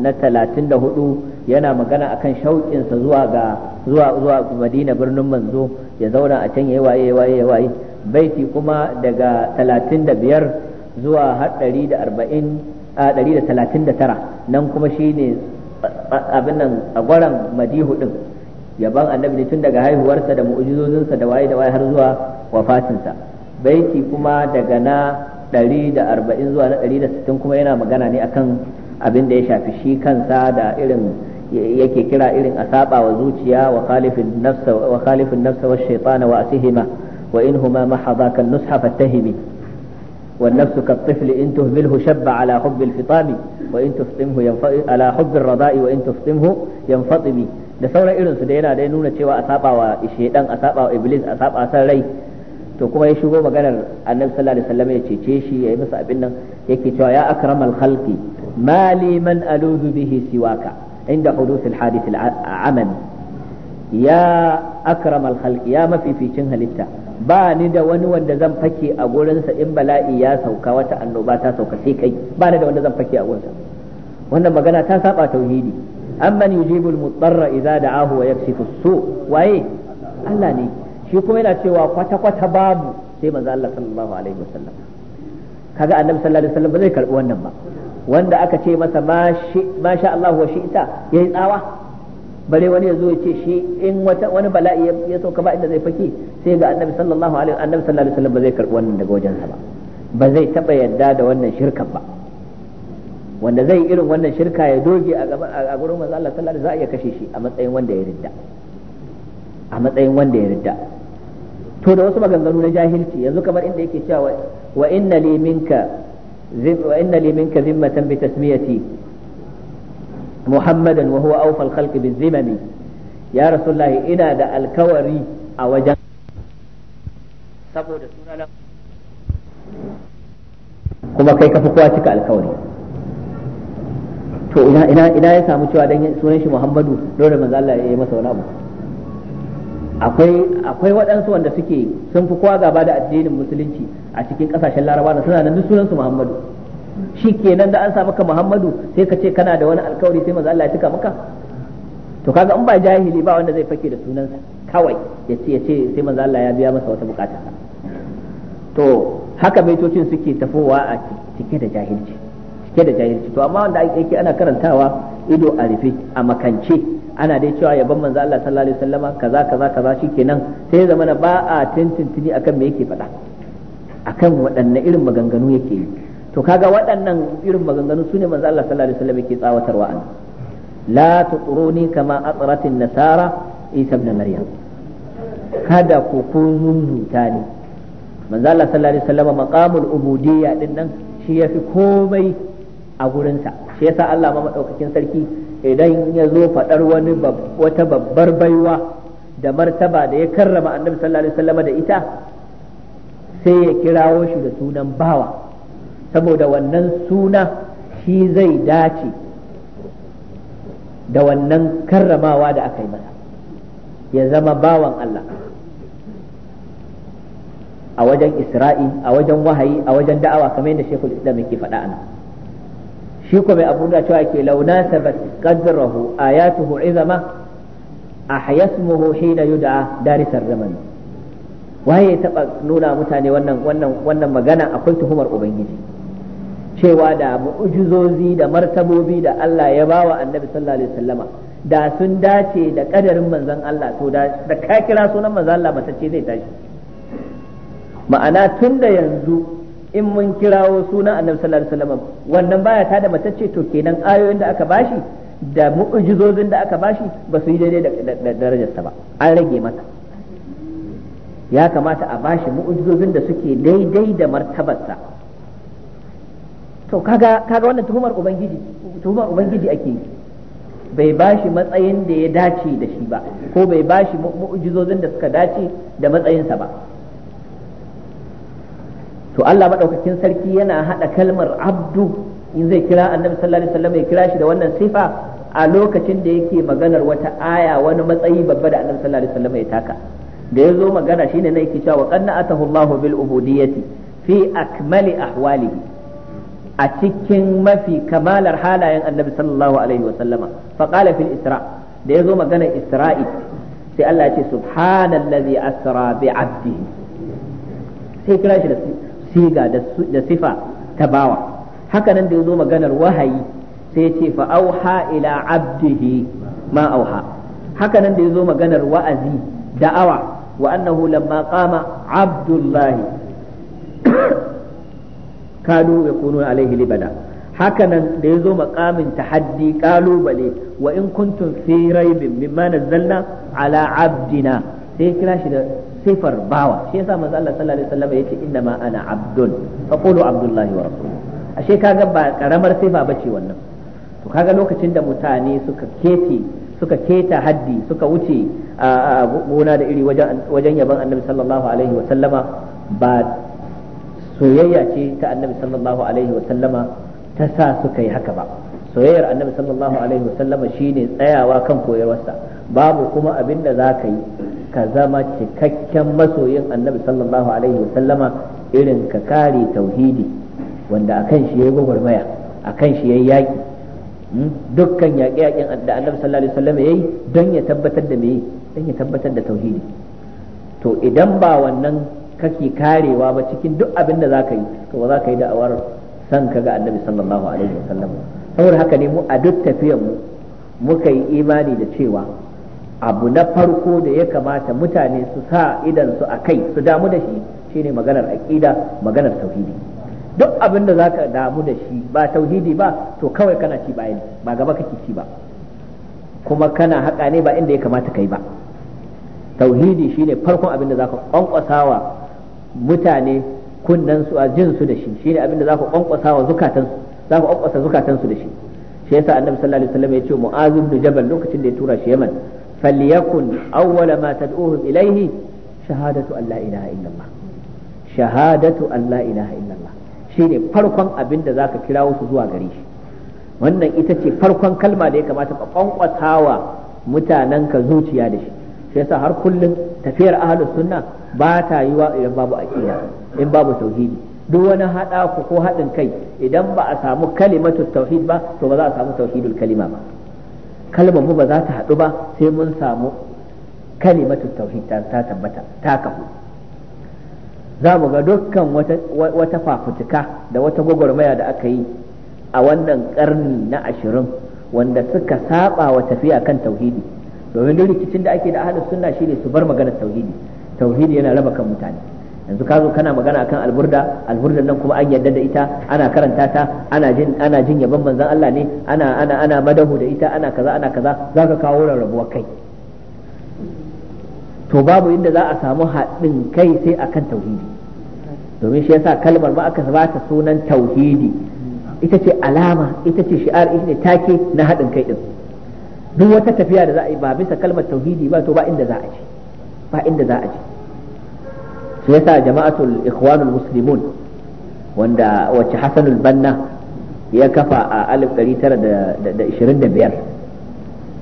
na 34 yana magana akan shauƙin sa zuwa ga zuwa zuwa Madina birnin manzo ya zauna a can yayi waye waye waye baiti kuma daga 35 zuwa har 140 a 139 nan kuma shine abin nan gwaran madihu din yaban annabi tun daga haihuwarsa da mu'jizozinsa da waye da waye har zuwa wafatinsa baiti kuma daga na 140 zuwa na 160 kuma yana magana ne akan abin da ya shafi shi kansa da irin yake kira irin a saba wa zuciya wa khalifin nafsa wa shaitana wa shaytana wa asihima wa in huma mahadha kan nusha fattahimi والنفس كالطفل إن تهمله شب على حب الفطام وإن تفطمه ينف... على حب الرضاء وإن تفطمه ينفطم da sauran irin su da yana dai nuna cewa a saba wa shedan a saba wa iblis a saba san rai to kuma ya shigo maganar annabi sallallahu alaihi wasallam ya cece shi ya yi masa abin nan yake cewa ya akramal khalqi ma li man aluzu bihi siwaka inda hudusil hadith al-amami ya akramal khalqi ya mafificin halitta ba ni da wani wanda zan fake a gurinsa in bala'i ya sauka wata annoba ta sauka sai kai ba ni da wanda zan fake a gurinsa wannan magana ta saba tauhidi amman yujibul mudarra idza da'ahu wa yakshifu su waye Allah ne shi kuma yana cewa kwata kwata babu sai manzo Allah sallallahu alaihi wasallam kaga annabi sallallahu alaihi wasallam ba zai karbi wannan ba wanda aka ce masa ma sha Allah wa ita yayi tsawa bare wani yazo ya ce shi in wata wani bala'i ya sauka ba inda zai faki sai ga annabi sallallahu alaihi annabi sallallahu alaihi wasallam ba zai karbi wannan daga wajensa ba ba zai taba yadda da wannan shirkan ba wanda zai irin wannan shirka ya doge a gaban a gurin manzo Allah sallallahu alaihi za a iya kashe shi a matsayin wanda ya ridda a matsayin wanda ya ridda to da wasu maganganu na jahilci yanzu kamar inda yake cewa wa inna li minka wa inna li minka zimmatan bi tasmiyati muhammadan wa huwa awfal khalqi bizimami ya rasulullah ina da alkawari a wajen saboda sunana kuma kai kafa kowa cika alkawari to ina ina ya samu cewa dan sunan shi muhammadu dole manzo Allah ya yi masa wani abu akwai waɗansu wanda suke sun fi kowa gaba da addinin musulunci a cikin ƙasashen laraba da suna nan duk sunansu muhammadu shi kenan da an sa maka muhammadu sai ka ce kana da wani alkawari sai maza Allah ya cika maka to kaga in ba jahili ba wanda zai fake da sunansa kawai ya ya ce sai maza Allah ya biya masa wata bukata to haka baitocin suke tafowa a cike da jahilci cike da jahilci to amma wanda ake ana karantawa ido a rufe a makance ana dai cewa yaban manzo Allah sallallahu alaihi wasallama kaza kaza kaza shikenan sai ya zamana ba a tintintini akan me yake faɗa akan waɗanne irin maganganu yake yi to kaga waɗannan irin maganganu sune manzo Allah sallallahu alaihi wasallama yake tsawatarwa an la tuturuni kama atratin nasara isa ibn maryam kada ku kunun mutane manzo Allah sallallahu alaihi wasallama maqamul ubudiyya din nan shi yafi komai a gurinsa shi yasa Allah ma madaukakin sarki idan ya zo faɗar wani wata babbar baiwa da martaba da ya karrama annabi sallallahu alaihi wasallam da ita sai ya kirawo shi da sunan bawa saboda wannan suna shi zai dace da wannan karramawa da aka yi masa ya zama bawan Allah a wajen isra'i a wajen wahayi a wajen da'awa kamar yadda shekul islam yake faɗa a nan shi ko mai abu cewa ke launa sabat qadrahu ayatuhu izama ahyasmuhu hina yud'a darisar zaman waye taba nuna mutane wannan wannan wannan magana akwai tuhumar ubangiji cewa da mu'jizozi da martabobi da Allah ya bawa annabi sallallahu alaihi wasallama da sun dace da kadarin manzon Allah to da da ka kira sunan manzon Allah ce zai tashi ma'ana tun da yanzu in mun kirawo sunan annabi sallallahu alaihi wasallam wannan baya ta da ce to kenan ayoyin da aka bashi da mu'jizozin da aka bashi ba su yi daidai da darajarsa ba an rage masa ya kamata a bashi mu'jizozin da suke daidai da martabarsa to kaga kaga wannan tuhumar ubangiji tuhumar ubangiji ake yi bai bashi matsayin da ya dace da shi ba ko bai bashi mu'jizozin da suka dace da matsayinsa ba to Allah madaukakin sarki yana hada kalmar abdu in zai kira annabi sallallahu alaihi wasallam ya kira shi da wannan sifa a lokacin da yake maganar wata aya wani matsayi babba da annabi sallallahu alaihi wasallam ya taka da ya zo magana shi ne na yake cewa qanna atahu Allahu bil ubudiyyati fi akmali ahwalihi a cikin mafi kamalar halayen annabi sallallahu alaihi wasallama faqala fil isra da ya zo magana isra'i sai Allah ya ce subhanallazi asra bi abdihi sai kira shi da siga da sifa ta bawa haka nan da ya zo maganar wahayi sai ce fa auha ila abdihi ma auha haka nan da ya zo maganar wa'azi da'awa wa annahu lamma qama abdullahi kanu yakunu alaihi libada haka nan da ya zo makamin tahaddi kalubale wa in kuntum fi raibin mimma nazzalna ala abdina sai kira shi da sifar bawa shi yasa manzo Allah sallallahu alaihi wasallam yace inna ma ana abdun fa qulu abdullahi wa rasuluhu ashe kaga ba karamar sifa bace wannan to kaga lokacin da mutane suka kete suka keta haddi suka wuce gona da iri wajen yaban annabi sallallahu alaihi wa sallama ba soyayya ce ta annabi sallallahu alaihi wa sallama ta sa suka yi haka ba soyayyar annabi sallallahu alaihi wa sallama shine tsayawa kan koyarwarsa babu kuma abin da za ka yi ka zama cikakken masoyin annabi sallallahu alaihi wasallama irin ka kare tauhidi wanda akan shi yayi gwagwarmaya akan shi yayi yaki hmm? dukkan yaƙe yaƙin da annabi sallallahu alaihi wasallama yayi don ya tabbatar da meye don ya tabbatar da tauhidi to idan ba wannan kake karewa ba cikin duk abin da zaka yi to ba zaka yi da awar san ka ga annabi sallallahu alaihi wasallam saboda haka ne mu a duk tafiyan mu muka yi imani da cewa abu na farko da ya kamata mutane su sa idan su a kai su damu da shi shine maganar aqida maganar tauhidi duk abin da zaka damu da shi ba tauhidi ba to kawai kana ci bayan ba gaba kake ci ba kuma kana haƙa ne ba inda ya kamata kai ba tauhidi shine farkon abin da zaka kwankwasawa mutane kunnan su a jin su da shi shine abin da zaka kwankwasawa zukatan zaka kwankwasa zukatan su da shi shi yasa annabi sallallahu alaihi wasallam ya ce mu'azib da jabal lokacin da ya tura shi yaman falyakun awwala ma tad'uhum ilayhi shahadatu an la ilaha illallah shahadatu an la ilaha illallah shine farkon abin da zaka kirawo su zuwa gare shi wannan ita ce farkon kalma da ya kamata ka kwankwatawa mutanen ka zuciya da shi sai yasa har kullum tafiyar ahlus sunna ba ta yiwa idan babu aqida in babu tauhidi duk wani haɗa ko haɗin kai idan ba a samu kalimatu tauhid ba to ba za a samu tauhidul kalima ba kalmar mu ba za ta haɗu ba sai mun samu kalimatu tauhid ta tabbata ta kafu za mu ga dukkan wata fafutuka da wata gwagwarmaya da aka yi a wannan karni na ashirin wanda suka saba wa tafiya kan tauhidi domin duk rikicin da ake da ahlus sunna shine su bar maganar tauhidi tauhidi yana raba kan mutane yanzu ka zo kana magana akan alburda albarda nan kuma an yarda da ita ana karanta ta ana jin ana jin manzon Allah ne ana ana ana madahu da ita ana kaza ana kaza zaka kawo rarrabuwar kai to babu inda za a samu haɗin kai sai akan tauhidi domin shi yasa kalmar ba aka bata sunan tauhidi ita ce alama ita ce shi'ar ita ne take na haɗin kai din duk wata tafiya da za a yi ba bisa kalmar tauhidi ba to ba inda za a je ba inda za a je shi yasa jama'atul ikhwanul muslimun wanda wacce hasanul banna ya kafa a 1925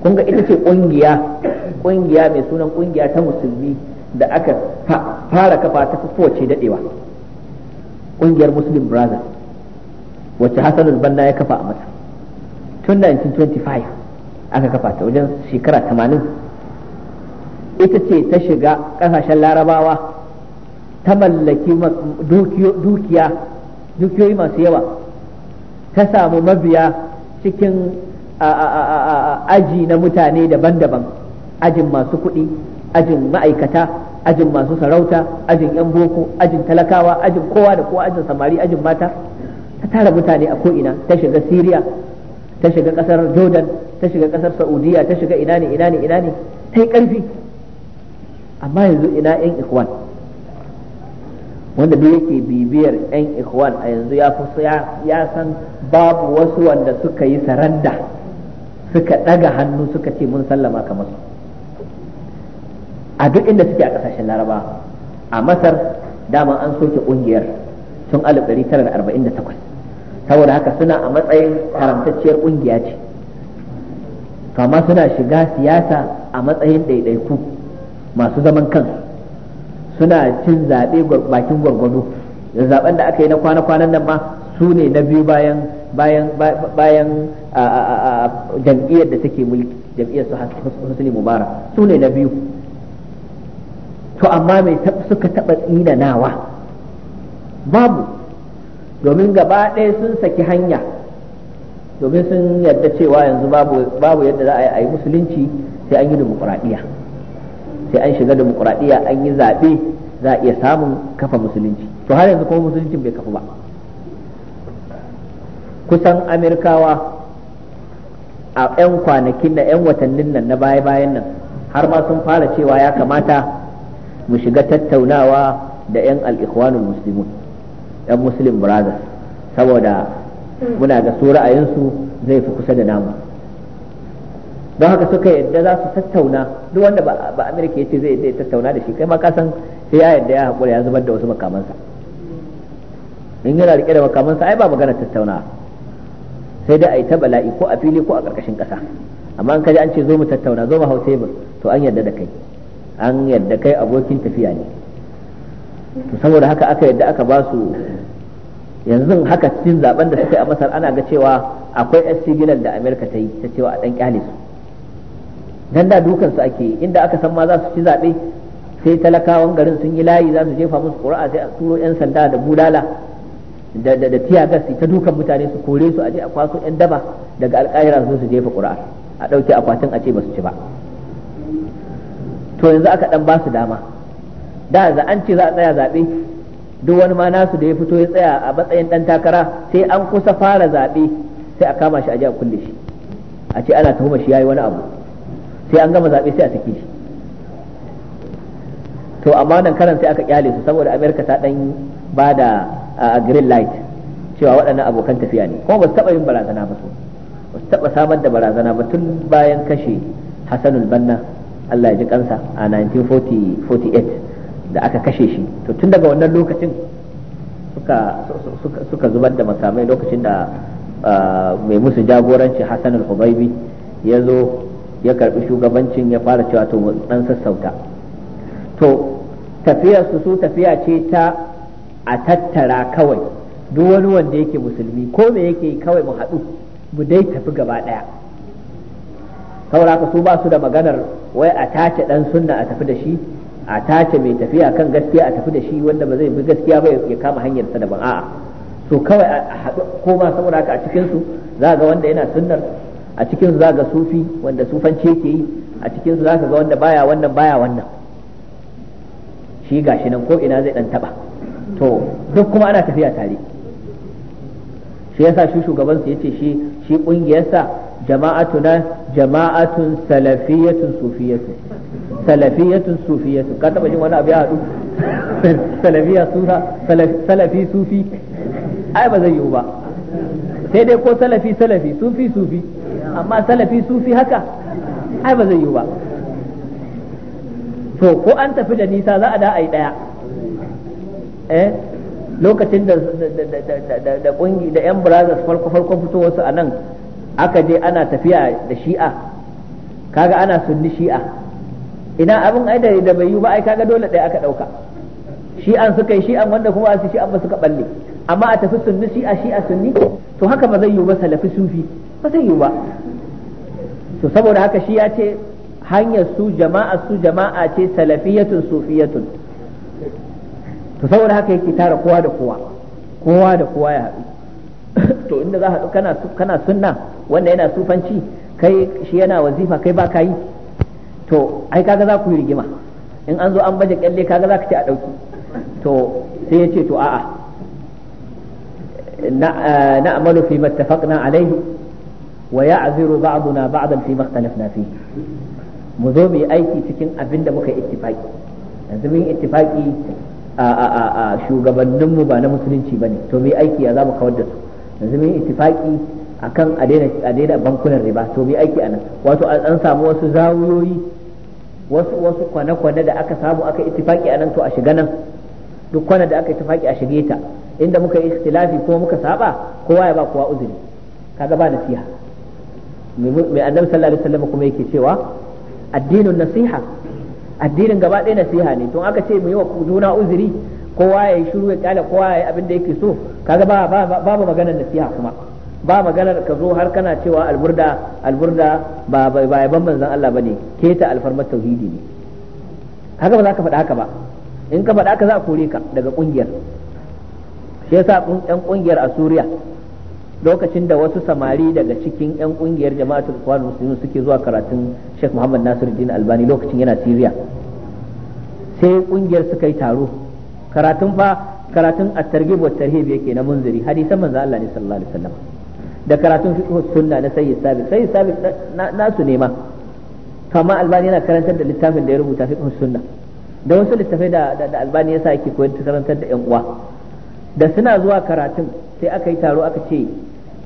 kun ga ita ce kungiya kungiya mai sunan kungiya ta musulmi da aka fara kafa ta kowace dadewa kungiyar muslim brother wacce hasanul banna ya kafa a mata tun 1925 aka kafa ta wajen shekara 80 ita ce ta shiga kasashen larabawa ta mallaki dukiya dukiyoyi masu yawa ta samu mabiya cikin aji na mutane daban-daban ajin masu kuɗi ajin ma'aikata ajin masu sarauta ajin 'yan boko ajin talakawa ajin kowa da kowa ajin samari ajin mata ta tara mutane a ko'ina ta shiga siriya ta shiga kasar jordan ta shiga kasar saudiya ta shiga ina ne ina ne ina ne ta yi ƙarfi amma yanzu ina 'yan ikwan wanda duk yake bibiyar yan ikhwan a yanzu ya fi ya san babu wasu wanda suka yi saranda suka daga hannu suka ce mun sallama kamar su a duk inda suke a kasashen laraba a masar dama an soke ƙungiyar tun 1948 saboda haka suna a matsayin haramtacciyar ƙungiya ce kama suna shiga siyasa a matsayin ɗaiɗaiku masu zaman kansu suna cin zaɓe bakin gwargwado zaɓen da aka yi na kwana-kwanan nan ma su ne na biyu bayan bayan bayan jam'iyyar da take mulki jam'iyyar su Husni mubara su ne na biyu to amma mai suka taɓa tsinanawa babu domin gaba ɗaya sun saki hanya domin sun yarda cewa yanzu babu yadda za a yi musulunci sai an yi dimokuraɗiyya sai an shiga demokuraɗiyya an yi zaɓe za a iya samun kafa musulunci to har yanzu kuma musuluncin bai kafa ba kusan amirkawa a 'yan kwanakin da 'yan watannin nan na baya-bayan nan har ma sun fara cewa ya kamata mu shiga tattaunawa da 'yan al'ikhwanul muslimun 'yan muslim brothers saboda muna ga su ra'ayinsu zai fi kusa da namu don haka suka yadda za su tattauna duk wanda ba amerika ya ce zai yadda ya tattauna da shi kai ma kasan sai ya yadda ya haƙura ya zubar da wasu makamansa in yana rike da makamansa ai ba magana tattauna sai dai a yi ta bala'i ko a fili ko a ƙarƙashin ƙasa amma an kaji an ce zo mu tattauna zo mu hau tebur to an yadda da kai an yadda kai abokin tafiya ne to saboda haka aka yadda aka ba su yanzu haka cikin zaben da suka yi a masar ana ga cewa akwai yan da amerika ta yi ta cewa a ɗan kyale dan da dukan su ake inda aka san ma za su ci zabe sai talakawan garin sun yi layi za su jefa musu qur'a sai a turo yan sanda da bulala da da tiya gas ta dukan mutane su kore su aje a kwaso yan daba daga alƙaira su su jefa qur'a a dauke akwatin a ce ba su ci ba to yanzu aka dan ba su dama da za an ce za a tsaya zabe duk wani ma nasu da ya fito ya tsaya a matsayin dan takara sai an kusa fara zabe sai a kama shi a je a kulle shi a ce ana tuhuma shi yayi wani abu sai an gama zaɓe sai a saki shi to amma nan karan sai aka kyale su saboda amerika ta dan ba da green light cewa waɗannan abokan tafiya ne kuma ba su taɓa yin barazana ba su ba su taɓa samar da barazana ba tun bayan kashe hassanul banna allah ya ji kansa a 1948 da aka kashe shi to tun daga wannan lokacin suka suka zubar da makamai lokacin da mai musu jagoranci hassanul hubaibi ya zo ya karbi shugabancin ya fara cewa to dan sassauta to tafiyarsu su su tafiya ce ta a tattara kawai duk wani wanda yake musulmi ko me yake kawai mu haɗu mu dai tafi gaba ɗaya saboda su ba su da maganar wai a tace dan sunna a tafi da shi a tace mai tafiya kan gaskiya a tafi da shi wanda ba zai bi gaskiya ba ya kama hanyar sa daban a'a so kawai a haɗu ko ba saboda haka a cikin su za ga wanda yana sunnar a cikin za ga sufi wanda sufanci yake yi a cikin za ka ga wanda baya wannan baya wannan shi gashi nan ko ina zai dan taba to duk kuma ana tafiya tare shi yasa shi shugaban su yace shi shi kungiyarsa jama'atuna jama'atun salafiyatun sufiyatu salafiyatun sufiyatu ka taba jin wani abu ya hadu salafiya sufa salafi sufi ai ba zai yiwu ba sai dai ko salafi salafi sufi sufi amma salafi sufi haka ai ba zai yi ba to ko an tafi da nisa za a da ai daya eh lokacin da da kungi da yan brothers farko farko fitowar su nan aka je ana tafiya da shi'a kaga ana sunni shi'a ina abin ai da bai yi ba ai kaga dole ɗaya aka ɗauka shi'an suka yi shi'an wanda kuma su shi'an ba suka balle amma a tafi sunni shi'a shi'a sunni to haka ba zai yi ba salafi sufi ba zai yiwu ba to saboda haka shi ya ce hanyar su jama'a su jama'a ce salafiyatun sufiyatun to saboda haka yake tara kowa da kowa kowa da kowa ya haɗu to inda za a haɗu kana sunna wanda yana sufanci kai shi yana wazifa kai ba ka yi to ai kaga za ku yi rigima in an zo an baje kyalle kaga za ka ce a ɗauki to sai ya ce to a'a na eh, amalu fi mattafaqna alaihi wa ya'ziru ba'duna ba'dan fi makhtalafna fi mu zo mu yi aiki cikin abin da muka ittifaki yanzu mun ittifaki a a a a shugabannin mu ba na musulunci bane to mu aiki ya zamu kawar da su yanzu mun ittifaki akan a daina a daina bankunan riba to mu aiki anan wato an samu wasu zawuyoyi wasu wasu kwane-kwane da aka samu aka ittifaki anan to a shiga nan duk kwana da aka ittifaki a shige ta inda muka yi ikhtilafi ko muka saba kowa ya ba kowa uzuri kaga ba nasiha mai annabi sallallahu alaihi wasallam kuma yake cewa addinin nasiha addinin gaba ɗaya nasiha ne tun aka ce mu yi wa juna uzuri kowa ya yi shiru ya kyale kowa ya yi abin da yake so kaga ba babu maganar nasiha kuma ba maganar ka zo har kana cewa alburda alburda ba ba yaban manzon Allah bane keta alfarmar tauhidi ne kaga ba za ka faɗa haka ba in ka faɗa haka za a kore ka daga kungiyar shi yasa ɗan kungiyar a Suriya lokacin da wasu samari daga cikin yan kungiyar jama'atul kwan musulmi suke zuwa karatun Sheikh Muhammad Nasiruddin Albani lokacin yana Syria sai kungiyar suka yi taro karatun fa karatun at-targhib wa tarhib yake na munziri hadisan manzo Allah ne sallallahu alaihi wasallam da karatun fiqh sunna na sayyid sabit sayyid sabiq nasu ne ma kama albani yana karantar da littafin da ya rubuta fiqh sunna da wasu littafai da da albani yasa yake koyar karantar da yan uwa da suna zuwa karatun sai aka yi taro aka ce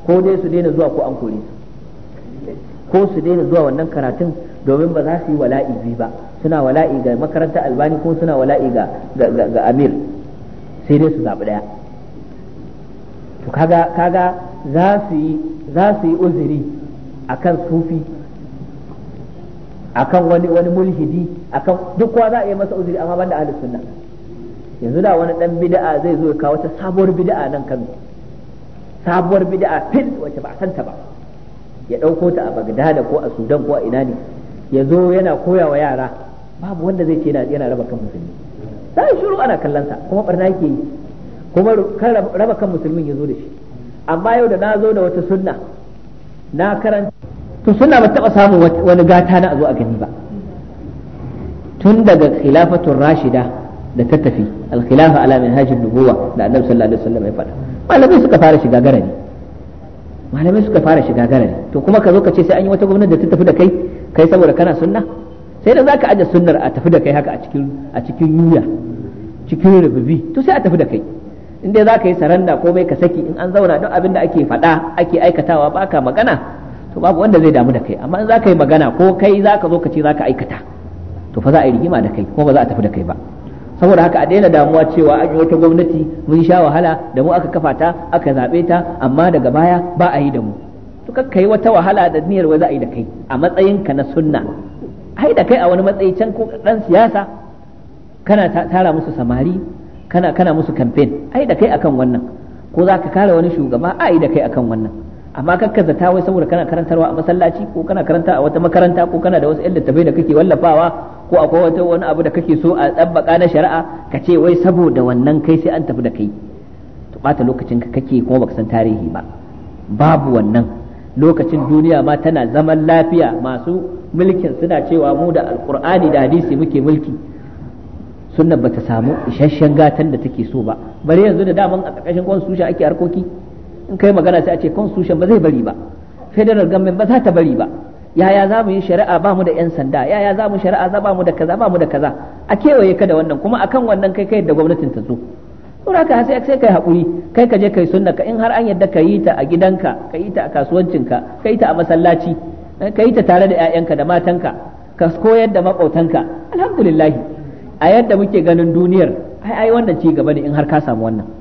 ko dai su daina zuwa ko an kore su ko su daina zuwa wannan karatun domin ba za su yi wala'i bi ba suna wala'i ga makaranta albani ko suna wala'i ga ga amir sai dai su zaɓi ɗaya to kaga kaga za su yi za su yi uzuri akan sufi akan wani wani mulhidi akan duk kowa za a yi masa uzuri amma banda ahlus sunna yanzu da wani dan bid'a zai zo ya kawo ta sabuwar bid'a nan kan sabuwar bid'a fil wace ba a ta ba ya ɗauko ta a Bagdada ko a Sudan ko a ina ne ya zo yana koya wa yara babu wanda zai ce yana raba kan musulmi sai shiru ana kallon sa kuma barna yake yi kuma kan raba kan musulmin ya zo da shi amma yau da na zo da wata sunna na karanta to sunna ba taba samun wani gata na a zo a gani ba tun daga khilafatul rashida da ta tafi al khilafa ala minhajin nubuwa da annabi sallallahu alaihi wasallam ya faɗa malamai suka fara shiga garari malamai suka fara shiga garari to kuma ka zo ka ce sai an yi wata gwamnati da ta tafi da kai kai saboda kana sunna sai da zaka aje sunnar a tafi da kai haka a cikin a cikin yuya cikin rububi to sai a tafi da kai in dai zaka yi saranda ko komai ka saki in an zauna duk abin da ake faɗa ake aikatawa baka magana to babu wanda zai damu da kai amma in zaka yi magana ko kai zaka zo ka ce zaka aikata to fa za a yi rigima da kai ko ba za a tafi da kai ba saboda haka a daina damuwa cewa an yi wata gwamnati mun sha wahala da mu aka kafa ta aka zabe ta amma daga baya ba a yi da mu to kakkai wata wahala da niyyar wai za a yi da kai a matsayinka na sunna ai da kai a wani matsayi can ko dan siyasa kana tara musu samari kana kana musu campaign ai da kai akan wannan ko za ka kare wani shugaba ai da kai akan wannan amma kakka zata wai saboda kana karantarwa a masallaci ko kana karanta a wata makaranta ko kana da wasu yan littafai da kake wallafawa ko akwai wata wani abu da kake so a tsabbaka na shari'a ka ce wai saboda wannan kai sai an tafi da kai to bata lokacin ka kake kuma baka san tarihi ba babu wannan lokacin duniya ma tana zaman lafiya masu mulkin suna cewa mu da alkur'ani da hadisi muke mulki sunan bata samu isasshen gatan da take so ba bari yanzu da daman a ƙarƙashin constitution ake harkoki in kai magana sai a ce constitution ba zai bari ba federal government ba za ta bari ba yaya za mu yi shari'a ba mu da yan sanda yaya za mu shari'a za ba mu da kaza ba mu da kaza a kewaye ka da wannan kuma akan wannan kai kai da gwamnatin ta zo saboda ka sai sai kai hakuri kai ka je kai sunna ka in har an yadda ka yi ta a gidanka ka yi ta a kasuwancinka ka yi ta a masallaci eh, ka yi ta tare da 'ya'yanka da matanka ka koyar da maƙotanka alhamdulillah a yadda muke ganin duniyar ai ai wannan ci gaba ne in har ka samu wannan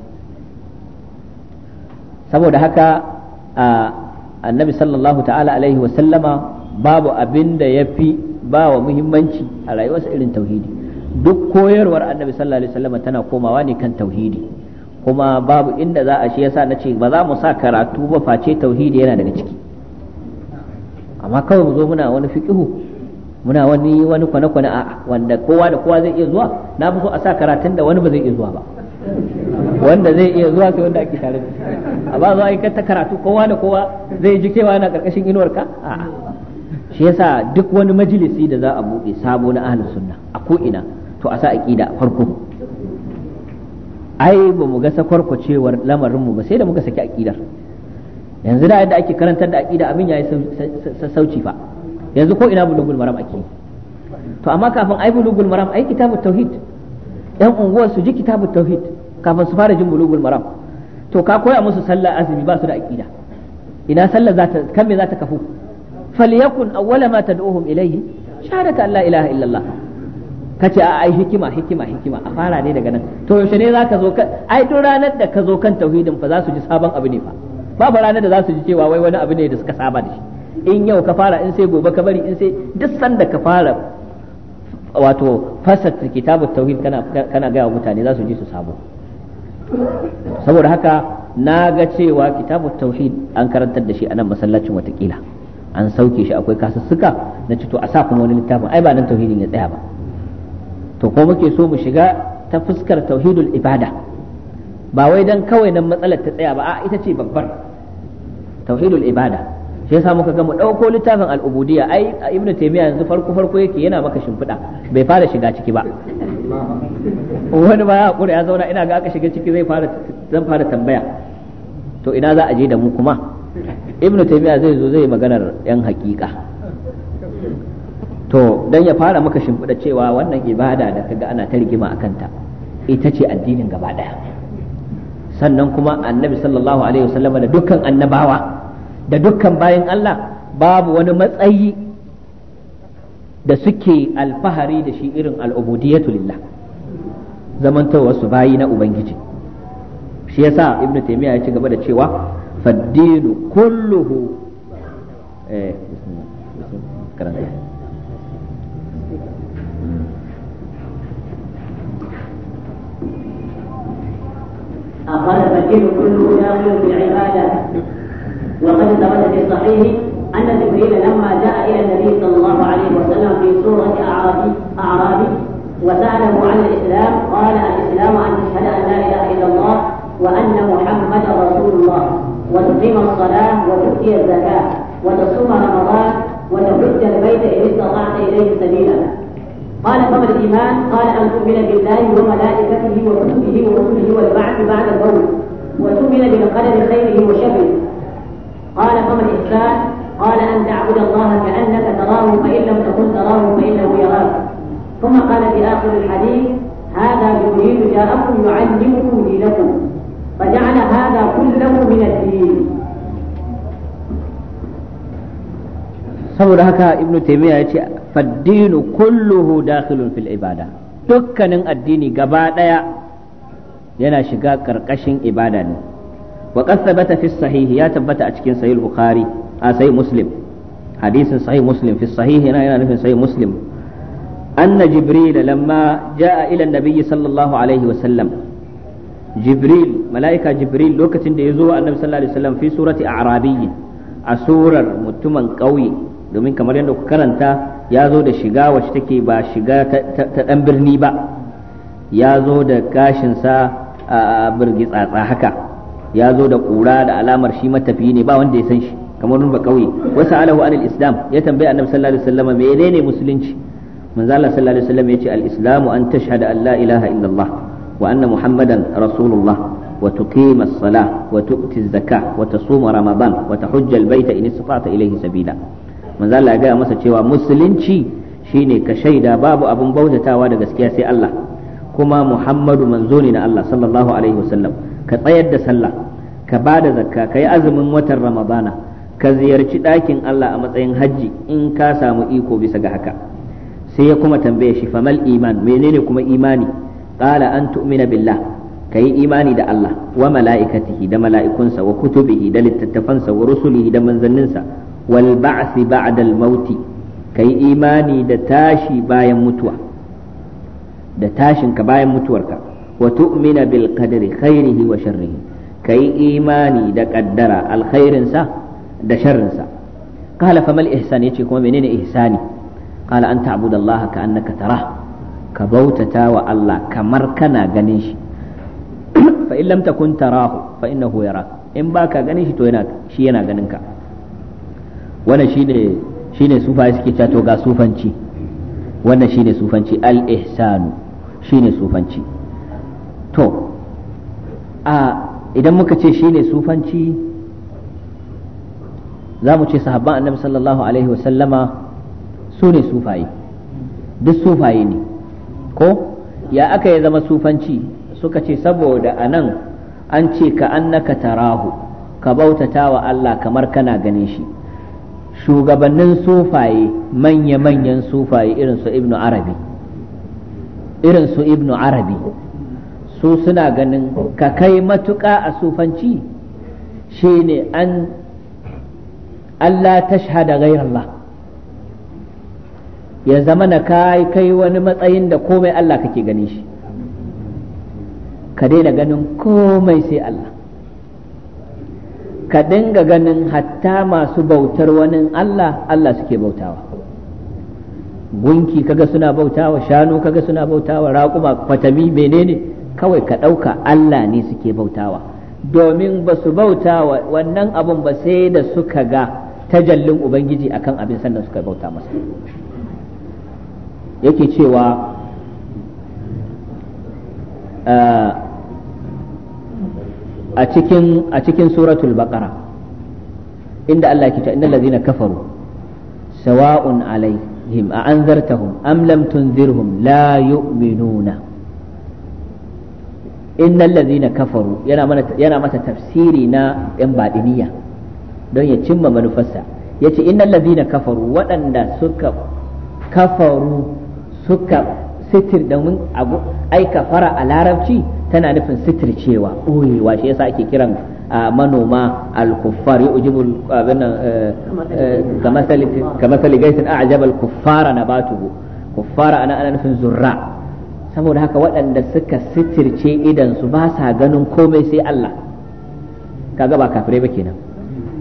saboda haka annabi sallallahu ta'ala alaihi wa sallama babu abin da ya fi ba wa muhimmanci a rayuwarsa irin tauhidi duk koyarwar annabi sallallahu alaihi wasallam tana komawa ne kan tauhidi kuma babu inda za a shi yasa na ce ba za mu sa karatu ba face tauhidi yana daga ciki amma kawai mu zo muna wani fiqihu muna wani wani kwane-kwane a wanda kowa da kowa zai iya zuwa na fi so a sa karatun da wani ba zai iya zuwa ba wanda zai iya zuwa sai wanda ake tare da shi ba zuwa yi ta karatu kowa da kowa zai ji kewa yana karkashin inuwar ka a'a shi yasa duk wani majalisi da za a buɗe sabo na ahlus sunna a ko ina to a sa aqida farko ai ba mu ga sakwarkwacewar lamarin mu ba sai da muka saki aqidar yanzu da yadda ake karantar da aqida abin yayi sassauci fa yanzu ko ina bulugul maram ake to amma kafin ai bulugul maram ai kitabut tauhid yan unguwar su ji kitabut tauhid kafin su fara jin bulugul maram to ka koya musu sallah azumi ba su da aqida ina sallah za ta kan me za ta kafu falyakun awwala ma tad'uhum ilayhi shahadatu an la ilaha illallah kace a ai hikima hikima hikima a fara ne daga nan to yaushe ne zaka zo kan ai duk ranar da ka zo kan tauhidin fa za su ji sabon abu ne fa babu ranar da za su ji cewa wai wani abu ne da suka saba da shi in yau ka fara in sai gobe ka bari in sai duk sanda ka fara wato fasata kitabut tauhid kana kana ga mutane za su ji su sabo saboda haka na ga cewa kitabu tauhid an karantar da shi a nan masallacin watakila an sauke shi akwai kasussuka na cito to a sa kuma wani littafin ai ba nan tauhidin ya tsaya ba to ko muke so mu shiga ta fuskar tauhidul ibada ba wai dan kawai nan matsalar ta tsaya ba a ita ce babbar tauhidul ibada shi yasa muka ga mu dauko littafin al-ubudiyya ai ibnu taymiya yanzu farko farko yake yana maka shimfiɗa bai fara shiga ciki ba wani ba ya hakura ya zauna ina ga aka shiga ciki zai fara zan fara tambaya to ina za a je da mu kuma ibnu taymiya zai zo zai maganar yan hakika to dan ya fara maka shimfiɗa cewa wannan ibada da kaga ana ta rigima akan ta ita ce addinin gaba daya sannan kuma annabi sallallahu alaihi wasallam da dukkan annabawa da dukkan bayan Allah babu wani matsayi da suke alfahari da shi irin al'ubudiyatu lillah zamantowa su bayi na ubangiji shi yasa ibnu taymiya ya ci gaba da cewa faddinu kulluhu eh karanta أقال فالدين كله داخل في العبادة وقد ثبت في صحيح أن جبريل لما جاء إلى النبي صلى الله عليه وسلم في سورة أعرابي أعرابي وسأله عن الإسلام قال الإسلام أن تشهد أن لا إله إلا الله وأن محمدا رسول الله وتقيم الصلاة وتؤتي الزكاة وتصوم رمضان وتحج البيت إن استطعت إليه سبيلا قال فما الإيمان؟ قال أن تؤمن بالله وملائكته وكتبه ورسله والبعث بعد الموت وتؤمن بقدر خيره وشره قال فما الإحسان؟ قال أن تعبد الله كأنك تراه فإن لم تكن تراه فإنه يراك ثم قال في آخر الحديث هذا جبريل جاءكم يعلمكم دينكم فجعل هذا كله من الدين saboda haka ibn taymiya ya ce faddinu kulluhu dakhilun fil ibada dukkanin addini gaba daya yana shiga karkashin ibada ne wa qasabata thabata fi sahihi ya tabbata a cikin sahih bukhari a sai muslim hadisin sahih muslim fi sahih yana yana nufin sahih muslim anna jibril lamma jaa ila nabiyyi sallallahu alaihi wa sallam jibril malaika jibril lokacin da yazo annabi sallallahu alaihi wasallam fi surati a'rabiyyi a surar mutumin kauye domin kamar yadda ku karanta ya zo da shiga wacce take ba shiga ta dan birni ba ya zo da gashinsa a birgitsatsa haka ya zo da ƙura da alamar shi matafi ne ba wanda ya san shi kamar ba kauye wa sa'alahu anil islam ya tambaya annabi sallallahu alaihi wasallam menene musulunci manzo Allah sallallahu alaihi wasallam yace al islamu an tashhada an la ilaha illallah wa anna muhammadan rasulullah wa tuqima as-salah wa tu'ti az-zakah wa tasuma ramadan wa tahujja al-bayta in istata ilayhi sabila manzo Allah ya ga masa cewa musulunci shine ka shaida babu abun bautatawa da gaskiya sai Allah kuma muhammadu manzo ne na Allah sallallahu alaihi wasallam ka tsayar da sallah ka bada zakka ka yi azumin watan ramadana ka ziyarci ɗakin Allah a matsayin hajji in ka samu iko bisa ga haka sai ya kuma tambaye shi famal iman menene kuma imani qala an tu'mina billah kai imani da Allah wa mala'ikatihi da mala'ikunsa wa kutubihi da littattafansa wa rusulihi da manzanninsa wal ba'si ba'da al mauti kai imani da tashi bayan mutuwa da tashin ka bayan mutuwarka wa tu'mina bil qadri khairihi wa sharrihi kai imani da qaddara alkhairinsa da sharrinsa qala famal ihsan yace kuma menene ihsani qala an ta'budallaha ka bautata wa Allah kamar kana ganin shi fa in lam takun tarahu fa innahu yarak in baka ganin shi to yana shi yana ganin ka wannan shine shine suke cewa to ga sufanci wannan shine sufanci al ihsanu shine sufanci to a idan muka ce shine sufanci za mu ce sahabban annabi sallallahu alaihi wasallama su ne sufaye duk sufaye ne ko ya aka ya zama sufanci suka ce saboda a nan an ce ka annaka tarahu ka bautata wa Allah kamar kana ganin shi shugabannin sufaye manya-manyan sufaye irin su ibnu arabi irin su ibnu arabi su suna ganin ka kai matuka a sufanci shine an Allah ta shahada Allah ya zama na kai kai wani matsayin da komai Allah kake gani shi ka daina ganin komai sai Allah ka dinga ganin hatta masu bautar wani Allah Allah suke bautawa gunki kaga suna bautawa shanu kaga suna bautawa raƙuma fatami menene kawai ka ɗauka Allah ne suke bautawa domin ba su bauta wannan abun ba sai da suka ga tajallin ubangiji akan abin sannan suka bauta masa yake cewa ah, a cikin a cikin suratul baqara inda Allah ke cewa innal ladzina kafaru sawa'un alaihim a anzartahum am lam tunzirhum la yu'minuna innal ladzina kafaru yana mana yana masa tafsiri na yan badiniya don ya cimma manufarsa yace innal na kafaru waɗanda suka kafaru suka sitir da mun ai kafara a larabci tana nufin sitir cewa ɓoyewa shi yasa ake kiran manoma al-kuffar ya ujibu kuffara na batuhu kuffara ana ana nufin zurra saboda haka waɗanda suka sitirce idan su ba sa ganin komai sai Allah kaga ba kafirai ba kenan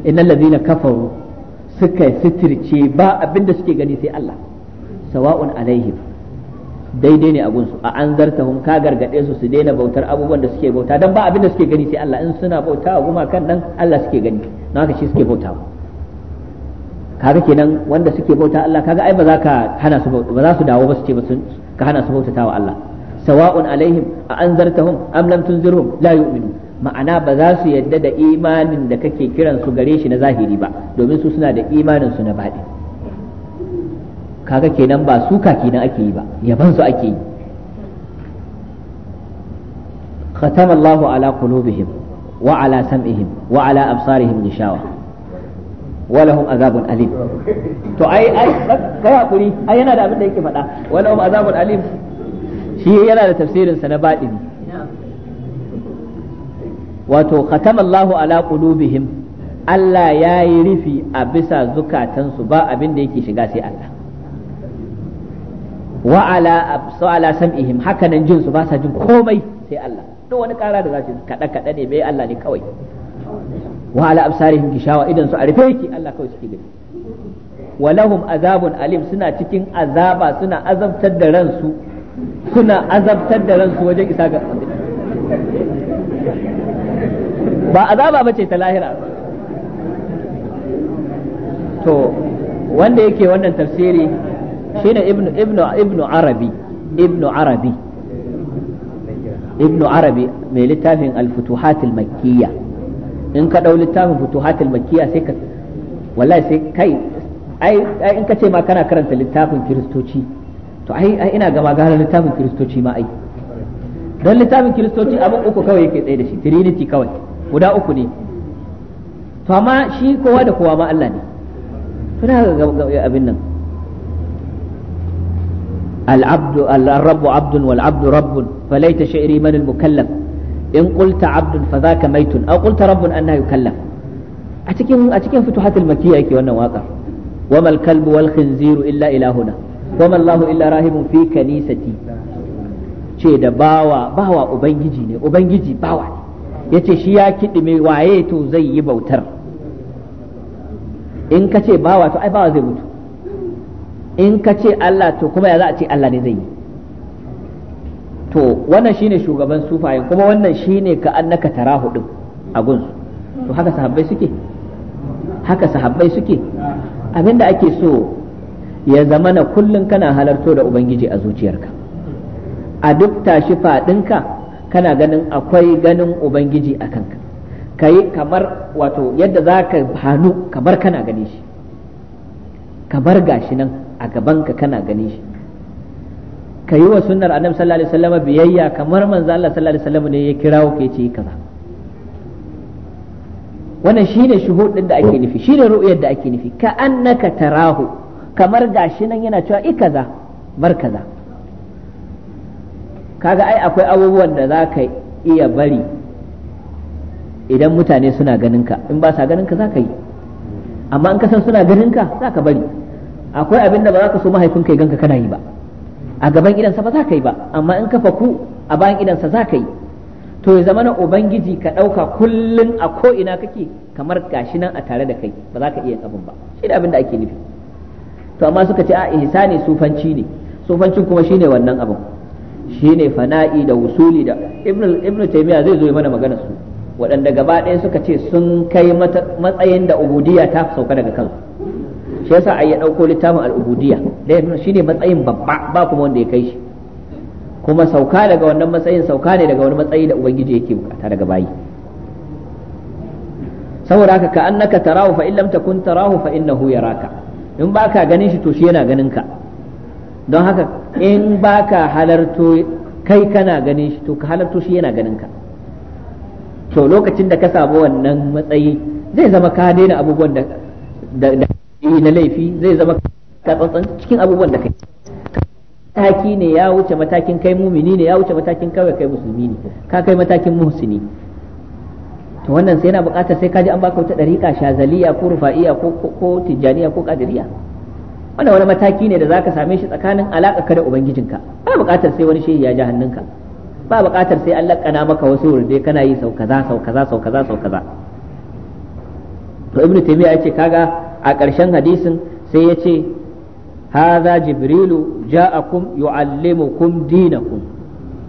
innal ladina kafaru suka sitirce ba abinda suke gani sai Allah sawa'un alaihim daidai ne abun su a anzartahum ka gargade su su daina bautar abubuwan da suke bauta dan ba abinda suke gani sai Allah in suna bauta a kan nan Allah suke gani na haka shi suke bauta kaga kenan wanda suke bauta Allah kaga ai ba za ka hana su ba za su dawo ba su ce ba ka hana su bautatawa Allah sawa'un alaihim a anzartahum am lam tunzirhum la yu'minun ma'ana ba za su yadda da imanin da kake kiran su gare shi na zahiri ba domin su suna da imanin su na baɗi kaga kenan ba suka kenan ake yi ba yaban su ake yi ختم الله على قلوبهم وعلى سمعهم وعلى أبصارهم غشاوة ولهم عذاب أليم تو أي أي كيا كوري أي أنا دا أبدا يكي فدا ولهم عذاب أليم شيء يلا لتفسير سنبات wato khatama Allahu ala qulubihim Allah ya yi rufi a bisa zukatansu ba abin da yake shiga sai Allah wa ala absa ala sam'ihim hakanan jin su ba sa jin komai sai Allah duk wani kara da za su kada kada ne bai Allah ne kawai wa ala absarihim gishawa idan su a rufe yake Allah kawai suke gani wa lahum azabun alim suna cikin azaba suna azabtar da ransu suna azabtar da ransu wajen isa ga ba azaba bace ta lahira to wanda yake wannan tafsiri shine ibnu ibnu ibnu arabi ibnu arabi ibnu arabi mai littafin al-futuhat al-makkiyya in ka dau littafin futuhat al-makkiyya sai ka wallahi sai kai ai in ka ce ma kana karanta littafin kiristoci to ai ina gama littafin kiristoci ma ai don littafin kiristoci abin uku kawai yake tsaye da shi trinity kawai guda uku ne to amma shi kowa da kowa ma Allah ne to da ga abin nan العبد الرب عبد والعبد رب فليت شعري من المكلف إن قلت عبد فذاك ميت أو قلت رب أنه يكلف أتكين أتكين فتوحات المكية كي وانا واقع وما الكلب والخنزير إلا إلهنا وما الله إلا راهب في كنيستي ce da bawa bawa ubangiji ne ubangiji bawa yace shi ya kidime waye to zai yi bautar in ka ce bawa to ai bawa zai mutu in ka ce Allah to kuma ya za a ce Allah ne zai yi to wannan shine shugaban sufaye kuma wannan shine ka annaka tara hudu a gunsu to haka sahabbai suke haka sahabbai suke abinda ake so ya zamana kullum kana halarto da ubangiji a zuciyarka a duk tashi faɗinka kana ganin akwai ganin ubangiji a kanka ka yi kamar wato yadda za ka hannu kamar kana gani shi kamar gashi nan a gabanka kana gani shi ka yi wa sunnar annabi sallallahu alaihi wasallam biyayya kamar manzo Allah sallallahu alaihi wasallam ne ya kirawo ka yace kaza wannan shine shuhud din da ake nufi shine ru'yar da ake nufi ka annaka tarahu kamar gashi nan yana cewa i kaza bar kaza kaga ai akwai abubuwan da za ka iya bari idan mutane suna ganin ka in ba sa ganin ka za ka yi amma in ka san suna ganin ka za ka bari akwai abin da ba za ka so mahaifinka ya ganka kana yi ba a gaban idansa ba za ka yi ba amma in ka faku a bayan idansa za ka yi to ya zama na ubangiji ka ɗauka kullun a ko ina kake kamar gashi nan a tare da kai ba za ka iya abin ba shi abin da ake nufi to amma suka ce a ihsani sufanci ne sufancin kuma shine wannan abin shine fana'i da wusuli da ibn taymiya zai zo mana magana su waɗanda gaba ɗaya suka ce sun kai matsayin da ubudiyya ta sauka daga kansu shi yasa ayi dauko ɗauko littafin ubudiyya da shine matsayin babba ba kuma wanda ya kai shi kuma sauka daga wannan matsayin sauka ne daga wani matsayi da ubangiji yake bukata daga bayi saboda haka ka annaka tarahu fa in lam takun tarahu fa innahu yaraka in baka ganin shi to shi yana ganin ka don haka in ba ka halarto kai kana ganin shi to ka halarto shi yana ganin ka to lokacin da ka samu wannan matsayi zai zama ka daina abubuwan da da na laifi zai zama ka tsantsan cikin abubuwan da kai mataki ne ya wuce matakin kai mumini ne ya wuce matakin kawai kai musulmi ne ka kai matakin muhsini to wannan sai yana buƙatar sai ka ji an baka wata dariƙa shazaliya ko rufa'iya ko ko tijjaniya ko kadiriya wannan wani mataki ne da zaka same shi tsakanin ka da ubangijinka ba buƙatar sai wani shehi ya ji hannunka ba buƙatar sai an laƙana maka wasu wurde kana yi sau kaza sau kaza sau kaza sau kaza to ibnu taymiya yace kaga a ƙarshen hadisin sai yace hadha jibrilu ja'akum yu'allimukum dinakum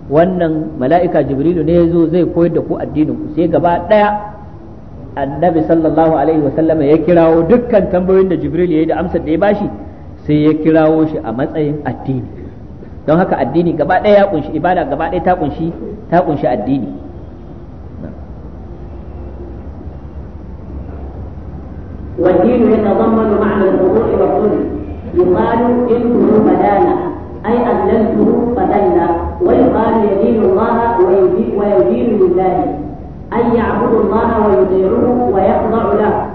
wannan mala'ika jibrilu ne yazo zai koyar da ku addinin ku sai gaba daya annabi sallallahu alaihi wasallam ya kirawo dukkan tambayoyin da jibril ya yi da amsar da ya bashi sai ya kirawo shi a matsayin addini don haka addini gaba ɗaya ya kunshi ibada gaba ɗaya ta kunshi ta kunshi addini والدين يتضمن معنى الخضوع والذل يقال انته فدانا اي اذللته فدنا ويقال يدين الله ويدين لله اي يعبد الله ويطيعه ويخضع له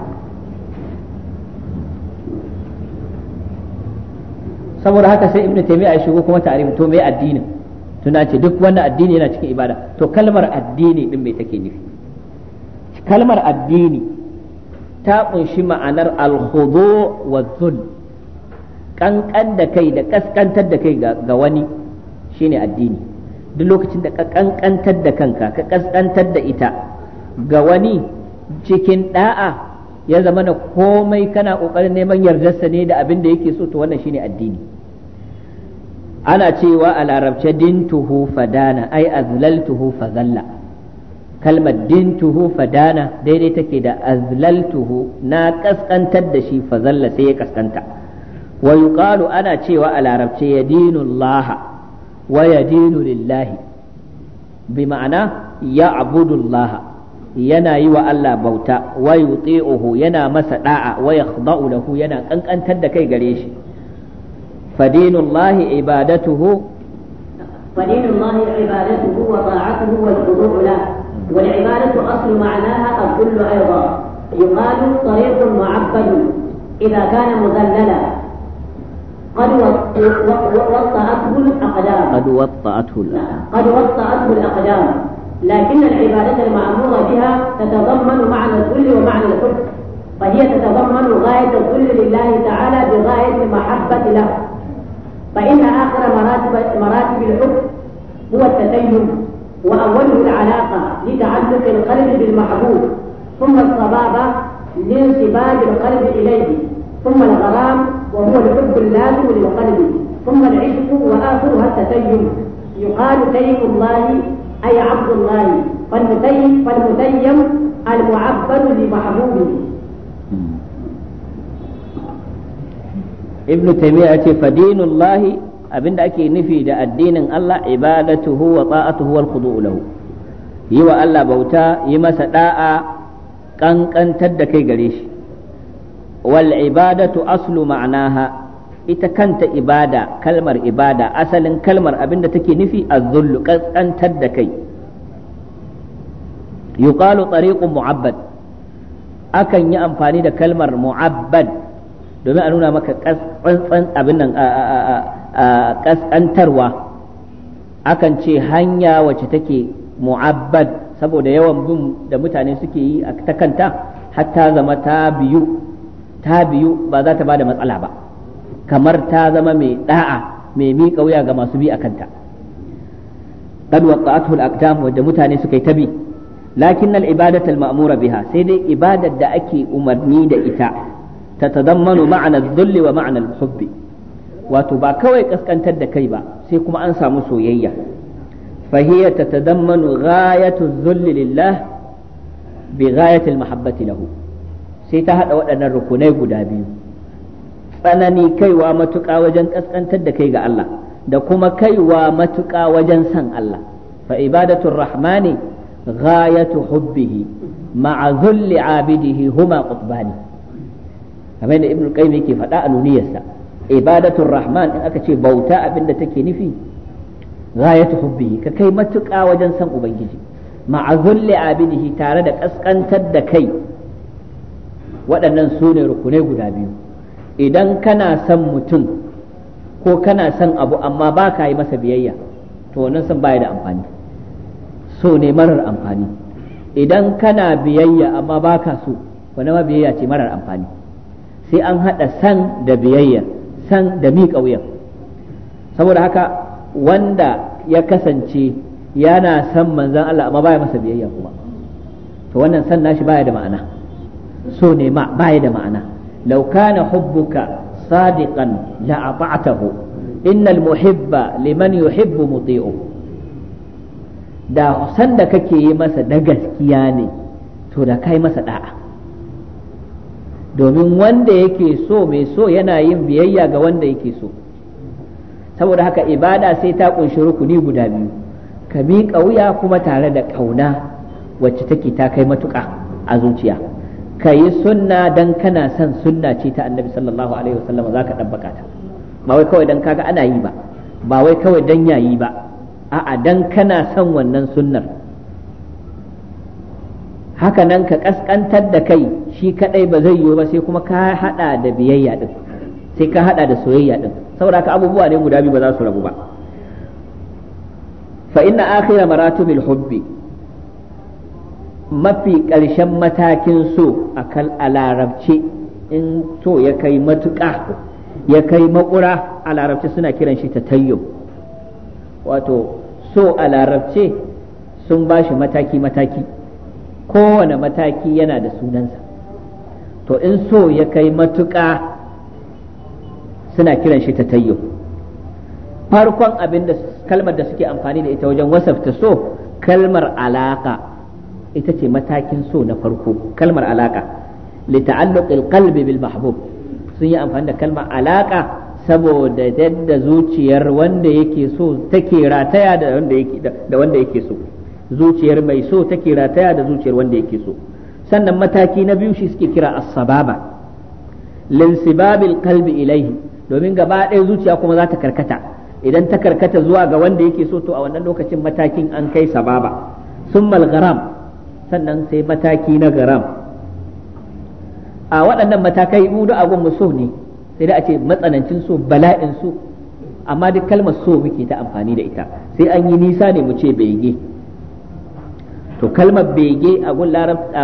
saboda haka sai ibnu taymiya ya shigo kuma ta'rif to me addinin tuna ce duk wannan addini yana cikin ibada to kalmar addini din me take nufi kalmar addini ta kunshi ma'anar al-khudu wa dhul kankan da kai da kaskantar da kai ga wani shine addini duk lokacin da ka kankantar da kanka ka kaskantar da ita ga wani cikin da'a ya zama na komai kana kokarin neman yardarsa ne da abin da yake so to wannan shine addini ana cewa a larabce dintuhu fadana ai azlaltuhu fazalla kalmar dintuhu fadana daidai take da azlaltuhu na kaskantar da shi fazalla sai ya kaskanta wa yuqalu ana cewa a larabce yadinullah wa dinu lillahi bi ma'ana ya abudullah yana yi wa Allah bauta wa yuti'uhu yana masa da'a wa yakhda'u lahu yana kankantar da kai gare shi fadinullahi ibadatuhu fadinullahi ibadatuhu wa ta'atuhu wal khudu' lahu wal ibadatu aslu ma'naha al-kullu ayda yuqalu tariqun mu'abbad idha kana mudallala قد وطأته الأقدام قد وطأته الأقدام لكن العبادة المعمورة بها تتضمن معنى الذل ومعنى الحب فهي تتضمن غاية الذل لله تعالى بغاية المحبة له فإن آخر مراتب, مراتب الحب هو التدين وأوله العلاقة لتعلق القلب بالمحبوب ثم الصبابة لانسباب القلب إليه ثم الغرام وهو الحب اللازم للقلب ثم العشق وآخرها التدين يقال تيم الله أي عبد الله فالمتيم فالمتيم المعبد لمحبوبه ابن تيمية فدين الله abinda ake nufi da addinin Allah ibadatuhu wa ta'atuhu wal khudu'u lahu yi wa Allah bauta yi masa da'a kankantar da kai gare shi wal ibadatu aslu ma'naha ita kanta ibada kalmar ibada asalin kalmar abinda take nufi a zullu kaskantar da kai yuqalu tariqun mu'abbad akan yi amfani da kalmar mu'abbad domin a nuna maka kaskantsan abin nan akan ce hanya wacce take mu'abbad saboda yawan bin da mutane suke yi a ta kanta hatta zama ta biyu ba za ta bada matsala ba kamar ta zama mai da'a mai miƙa wuya ga masu bi a kanta qad waqa'athu al-aqdam wadda mutane suka yi tabi lakin al-ibadatu al-ma'mura sai dai ibadar da ake umarni da ita ta tadammanu ma'ana dhulli wa ma'ana al-hubbi wato ba kawai kaskantar da kai ba sai kuma an samu soyayya فهي تتضمن غاية الذل لله بغاية المحبة له sai ta haɗa waɗannan rukunai guda biyu tsanani kaiwa matuƙa wajen ƙasƙantar da kai ga Allah da kuma kaiwa matuƙa wajen san Allah fa ibadatul rahmani ghayatu hubbihi ma'a zulli abidihi huma qutbani kamar da ibnu qayyim yake faɗa a nuniyarsa ibadatul rahman in aka ce bauta abinda take nufi ghayatu hubbihi ka kai matuƙa wajen san ubangiji ma'a zulli abidihi tare da ƙasƙantar da kai waɗannan su ne rukunai guda biyu idan kana son mutum ko kana son abu amma ba ka yi masa biyayya to wannan son baya da amfani so ne marar amfani idan kana biyayya amma ba ka so wani ma biyayya ce marar amfani sai an haɗa san da biyayya san da miƙa wuyan saboda haka wanda ya kasance yana son manzan Allah amma baya masa biyayya kuma to wannan san nashi baya da ma'ana so ne ma baya da ma'ana law kana hubbuka sadiqan la ata'tahu innal muhibba liman yuhibbu muti'u da san da kake yi masa da gaskiya ne to da kai masa da'a domin wanda yake so mai so yana yin biyayya ga wanda yake so saboda haka ibada sai ta kunshi rukuni guda biyu ka miƙa wuya kuma tare da ƙauna wacce take ta kai matuƙa a zuciya ka yi sunna dan kana son sunna ce ta annabi sallallahu alaihi wasallam za ka ɗabbaka ta ba wai kawai dan kaga ana yi ba ba wai kawai dan yayi ba a'a dan kana son wannan sunnar haka nan ka ƙasƙantar da kai shi kaɗai ba zai yiwu ba sai kuma ka haɗa da biyayya ɗin sai ka haɗa da soyayya ɗin saboda ka abubuwa ne guda biyu ba za su rabu ba fa inna akhira maratibil hubbi mafi ƙarshen matakin so a kan a larabce in so ya kai matuƙa ya kai makura a larabce suna kiran shi ta tayyo. wato so a larabce sun ba shi mataki-mataki kowane mataki yana da sunansa to in so ya kai matuƙa suna kiran shi tayyo farkon abin da kalmar da suke amfani da ita wajen wasafta so kalmar alaka ita ce matakin so na farko kalmar alaka li ta'alluqil qalbi bil mahbub sun yi amfani da kalmar alaka saboda yadda zuciyar wanda yake so take rataya da wanda yake da wanda yake so zuciyar mai so take rataya da zuciyar wanda yake so sannan mataki na biyu shi suke kira as-sababa linsibabil qalbi ilayhi domin gaba ɗaya zuciya kuma za ta karkata idan ta karkata zuwa ga wanda yake so to a wannan lokacin matakin an kai sababa summal gharam sannan sai mataki na garam a waɗannan matakai mu a gunmu so ne sai da a ce matsanancin so bala'in so amma duk kalmar so muke ta amfani da ita sai an yi nisa ne mu ce bege to kalmar bege a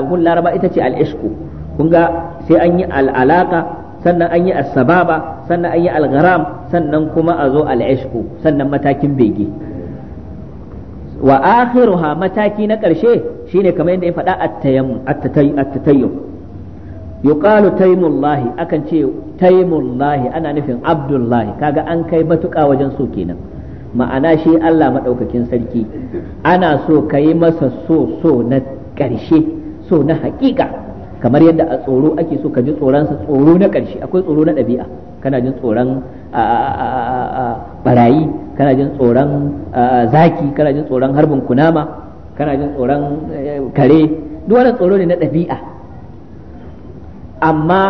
gun laraba ita ce al'ishku kun ga sai an yi al'alaka sannan an yi asababa sannan an yi algaram sannan kuma a zo al'ishku sannan matakin bege wa akhiruha mataki na ƙarshe shine kamar yadda ya faɗa at-tayammum yuqalu taymullahi akan ce taymullahi ana nufin abdullahi kaga an kai matuƙa wajen so kenan ma'ana shi Allah maɗaukakin sarki ana so ka masa so so na ƙarshe so na haƙiƙa kamar yadda a tsoro ake so ka ji tsoronsa tsoro na ƙarshe akwai tsoro na ɗabi'a kana jin tsoron barayi kana jin tsoron zaki kana jin tsoron harbin kunama kana jin tsoron eh, kare duk wannan tsoro ne na ɗabi'a amma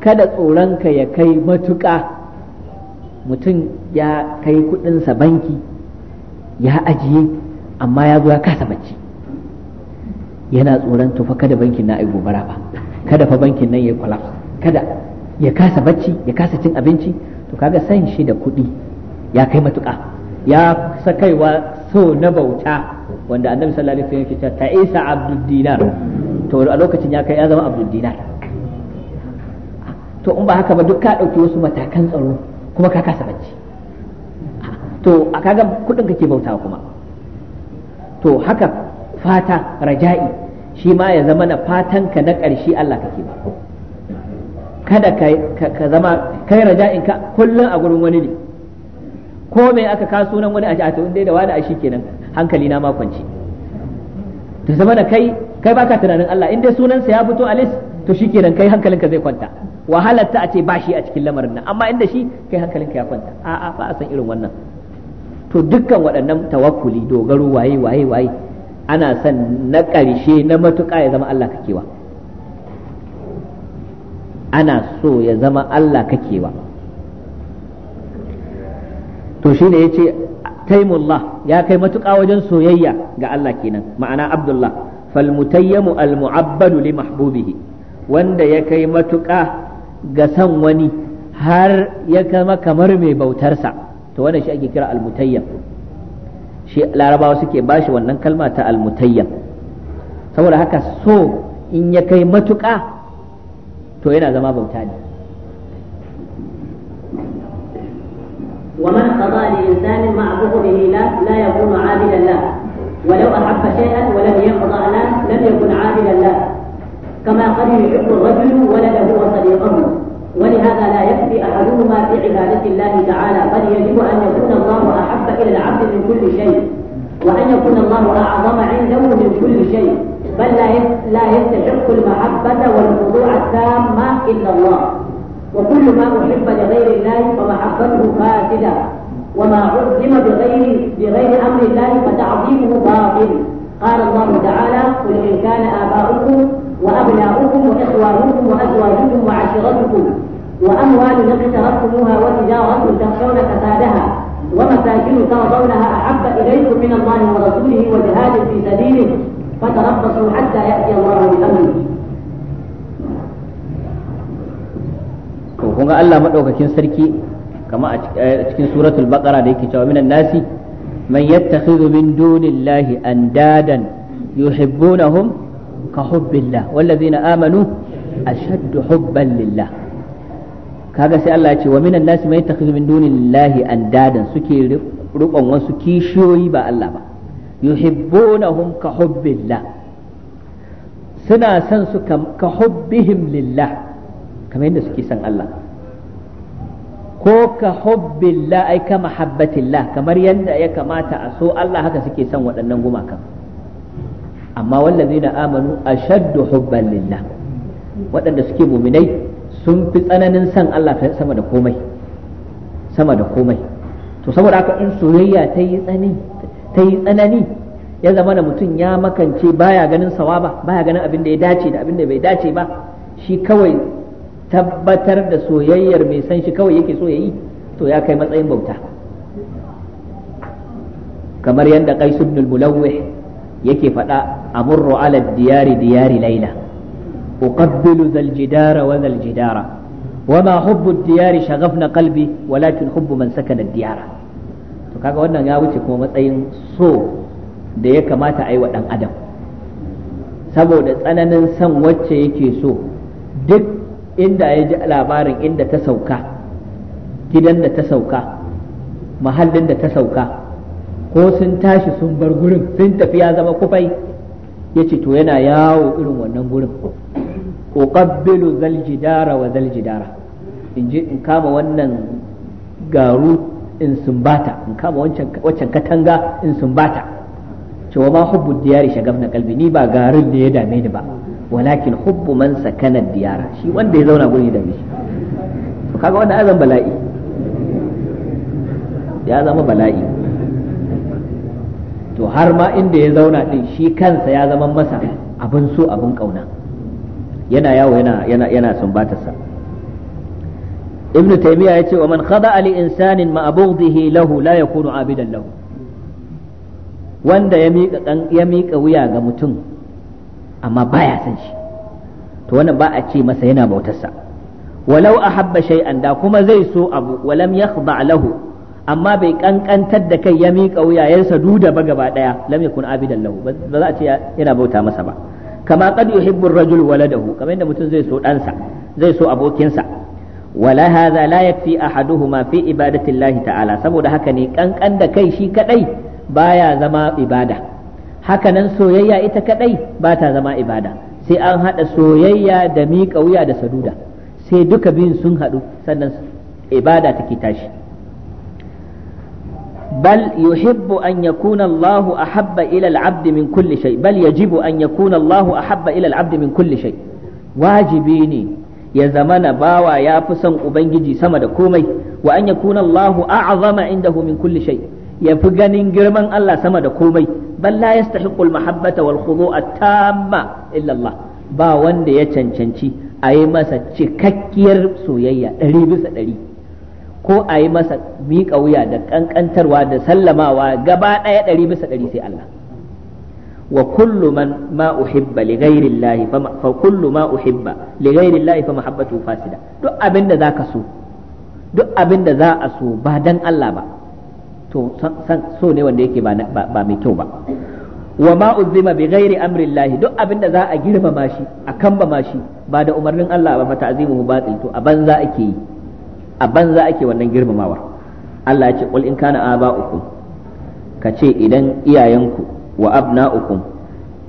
kada tsoronka ya kai matuƙa mutum ya kai kuɗinsa banki ya ajiye amma ya zo ya kasa bacci yana tsoron tufa kada bankin na ai gobara ba kada fa bankin nan ya kwalaf kada ya kasa bacci ya kasa cin abinci to kaga san shi da kuɗi ya kai matuƙa ya sakaiwa so na bauta wanda annabi sallallahu alaihi wasallam yake cewa ta'isa abdud dinar to a lokacin ya kai ya zama abdud dinar to in ba haka ba duk ka dauki wasu matakan tsaro kuma ka kasa bacci to a kaga kuɗin kake bautawa kuma to haka fata raja'i shi ma ya zama na fatanka na ƙarshe Allah kake ba kada ka zama kai raja'in ka kullum a gurin wani ne ko me aka ka sunan wani a ji a tun dai da wani a shi kenan hankali na makwanci ta zama da kai kai baka tunanin Allah in dai sunansa ya fito a list to shi kenan kai hankalinka zai kwanta wahalar ta a ce ba shi a cikin lamarin nan amma inda shi kai hankalinka ya kwanta a'a ba a san irin wannan to dukkan waɗannan tawakkuli dogaro waye waye waye ana son na ƙarshe na matuƙa ya zama Allah kakewa ana so ya zama Allah kake ba to shine yace taimullah ya kai matuƙa wajen soyayya ga Allah kenan ma'ana abdullah falmutayyamu almu'abbadu li mahbubihi wanda ya kai matuƙa ga san wani har ya kama kamar mai bautarsa to wannan shi ake kira almutayyam shi larabawa suke bashi wannan kalma ta almutayyam saboda haka so in ya kai matuƙa to yana zama bauta ne ومن قضى لإنسان مع كفره لا لا يكون عابدا له ولو أحب شيئا ولم يقضى له لم يكن عابدا له كما قد يحب الرجل ولده وصديقه ولهذا لا يكفي أحدهما في عبادة الله تعالى بل يجب أن يكون الله أحب إلى العبد من كل شيء وأن يكون الله أعظم عنده من كل شيء بل لا يستحق المحبة والخضوع التامة إلا الله وكل ما أحب لغير الله فمحبته فاسدة وما عظم بغير بغير أمر الله فتعظيمه باطل قال الله تعالى قل إن كان آباؤكم وأبناؤكم وإخوانكم وأزواجكم وعشيرتكم وأموال اقترفتموها وتجارة تخشون فسادها ومساجد ترضونها أحب إليكم من الله ورسوله وجهاد في سبيله فتربصوا حتى يأتي الله بأمره kun ga Allah madaukakin sarki kama a eh, cikin suratul baqara da yake cewa minan nasi man yattakhidhu min dunillahi andadan yuhibbunahum ka hubbillah wallazina amanu ashaddu hubban lillah kaga sai Allah ya ce wa minan nasi man yattakhidhu min dunillahi andadan suke rubon wasu kishiyoyi ba Allah ba yuhibbunahum ka hubbillah suna san su ka hubbihim lillah kamar yadda suke san Allah ko ka hubbillah ai ka mahabbatillah kamar yadda ya kamata a so Allah haka suke san waɗannan gumakan amma wallazina amanu ashaddu hubban lillah waɗanda suke muminai sun fi tsananin san Allah sama da komai sama da komai to saboda haka in soyayya ta yi tsani ta yi tsanani ya zama da mutum ya makance baya ganin sawaba baya ganin abin da ya dace da abin da bai dace ba shi kawai tabbatar da soyayyar mai san shi kawai yake so yayi to ya kai matsayin bauta kamar yadda qais ibn al-mulawih yake faɗa amurru ala diyari diyari laila uqabbilu zal jidara wa zal jidara وما diyari الديار شغفنا قلبي ولكن حب من سكن الديار kaga wannan ya wuce kuma matsayin so da ya kamata a yi wa ɗan adam saboda tsananin san wacce yake so duk inda ya ji labarin inda ta sauka gidan da ta sauka mahallin da ta sauka ko sun tashi sun bar gurin sun tafi ya zama kufai ya ce to yana yawo irin wannan gurin uqabbilu zaljidara wa zaljidara in ji in kama wannan garu in sumbata in kama wancan katanga in sumbata cewa ma hubbu diyari na kalbi ni ba garin da ya dame ni ba walakin hubbu man sakana diyara shi wanda ya zauna gurin ya dame shi to kaga wannan azan bala'i ya zama bala'i to har ma inda ya zauna din shi kansa ya zama masa abin so abin kauna yana yawo yana yana yana sa ibnu taymiya yace wa man khada ali insanin ma abghdihi lahu la yakunu abidan lahu wanda ya miƙa wuya ga mutum amma baya san shi to wannan ba a ce masa yana bautarsa walau ahabba shay'an da kuma zai so abu walam yakhda lahu amma bai ƙanƙantar da kai ya miƙa wuya ya saduda ba gaba daya lam yakun abidan lahu ba za a ce yana bauta masa ba kama qad yuhibbu rajul waladahu kamar yadda mutum zai so abokinsa wala hadha la yakfi ahaduhuma fi ibadati Allah ta'ala saboda haka ne kankan da kai shi kadai baya zama ibada haka nan soyayya ita kadai ba ta zama ibada sai an hada soyayya da miƙa wuya da saduda sai duka biyun sun hadu sannan ibada take tashi بل يحب أن يكون الله أحب إلى العبد من كل شيء بل يجب أن يكون الله أحب إلى العبد من كل شيء واجبيني ya zamana bawa ya fi son ubangiji sama da komai wa an kuna Allahu a'zama inda min kulli shay ya fi ganin girman Allah sama da komai bal la yastahiqul mahabbata wal khudu'a tamma illa Allah ba wanda ya cancanci a yi masa cikakkiyar soyayya ɗari bisa ɗari ko a yi masa miƙa wuya da ƙanƙantarwa da sallamawa gaba ɗaya ɗari bisa ɗari sai Allah wa kullu man ma uhibba li fa kullu fasida duk abinda zaka so duk abinda za a ba dan Allah ba to so ne wanda yake ba mai ba wa ma uzima bi ghairi duk abinda za a girmama shi a kambama shi ba da umarnin Allah ba fa ta'zimuhu batil to a banza ake ake wannan girmamawar Allah ya ce qul ka ce idan iyayenku wa abna'ukum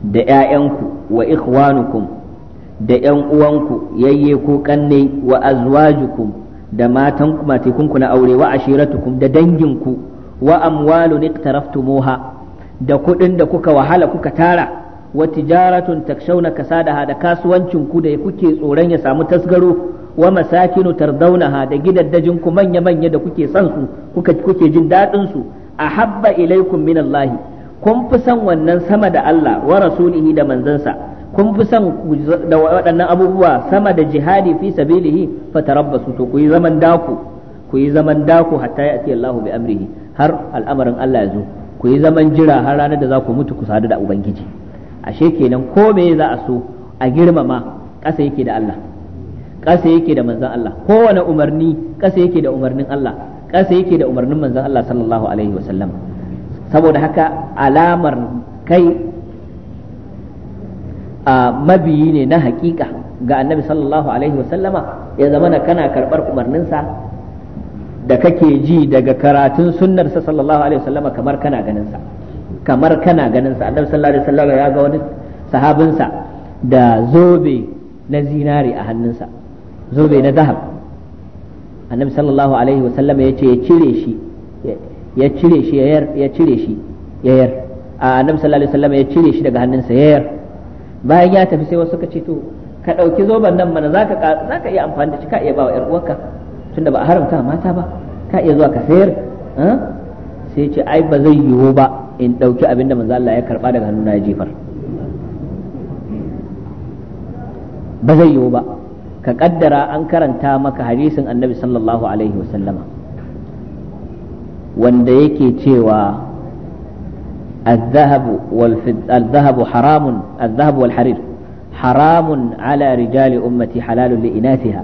da ‘ya'yanku wa ikhwanukum da ‘yan uwanku yayye ko kanne wa azwajukum da matan matekunku na aure wa ashiratukum da danginku wa amwalun iqtaraftumuha da kuɗin da kuka wahala kuka tara wa tijaratun takshawna kasadaha da kasuwancin ku da kuke tsoron ya samu tasgaro wa masakinu tardaunaha da gidaddajin ku manya-manya da kuke son su kuka kuke jin daɗin su ahabba ilaikum minallahi kun fi son wannan sama da Allah wa rasulihi da manzansa kun fi son da waɗannan abubuwa sama da jihadi fi sabilihi fatarabbasu to ku yi zaman daku ku yi zaman daku hatta ya'ti Allahu bi amrihi har al'amarin Allah ya zo ku yi zaman jira har ranar da za ku mutu ku sadu da ubangiji ashe kenan ko me za a so a girmama ƙasa yake da Allah ƙasa yake da manzon Allah kowane umarni ƙasa yake da umarnin Allah ƙasa yake da umarnin manzon Allah sallallahu alaihi sallam. saboda haka alamar kai a mabiyi ne na hakika ga annabi sallallahu alaihi wasallama ya zama na kana karbar umarninsa da kake ji daga karatun sunnarsa sallallahu alaihi wasallama kamar kana ganinsa kamar kana ganinsa annabi sallallahu alaihi wasallama ya ga wani sahabinsa da zobe na zinari a hannunsa zobe na zahab annabi sallallahu alaihi wasallama ya ce ya cire shi ya cire shi ya yar ya cire shi ya yayar a annabi sallallahu alaihi wasallam ya cire shi daga hannunsa ya yar bayan ya tafi sai wasu suka ce to ka dauki zoban nan mana zaka zaka iya amfani da shi ka iya bawa yar uwarka tunda ba a haramta mata ba ka iya zuwa ka sayar sai ce ai ba zai yiwu ba in dauki abin da manzo Allah ya karba daga hannuna ya jefar ba zai yiwu ba ka kaddara an karanta maka hadisin annabi sallallahu alaihi wasallama wanda yake cewa الذهب والفد الذهب حرام الذهب والحرير حرام على رجال أمتي حلال لإناثها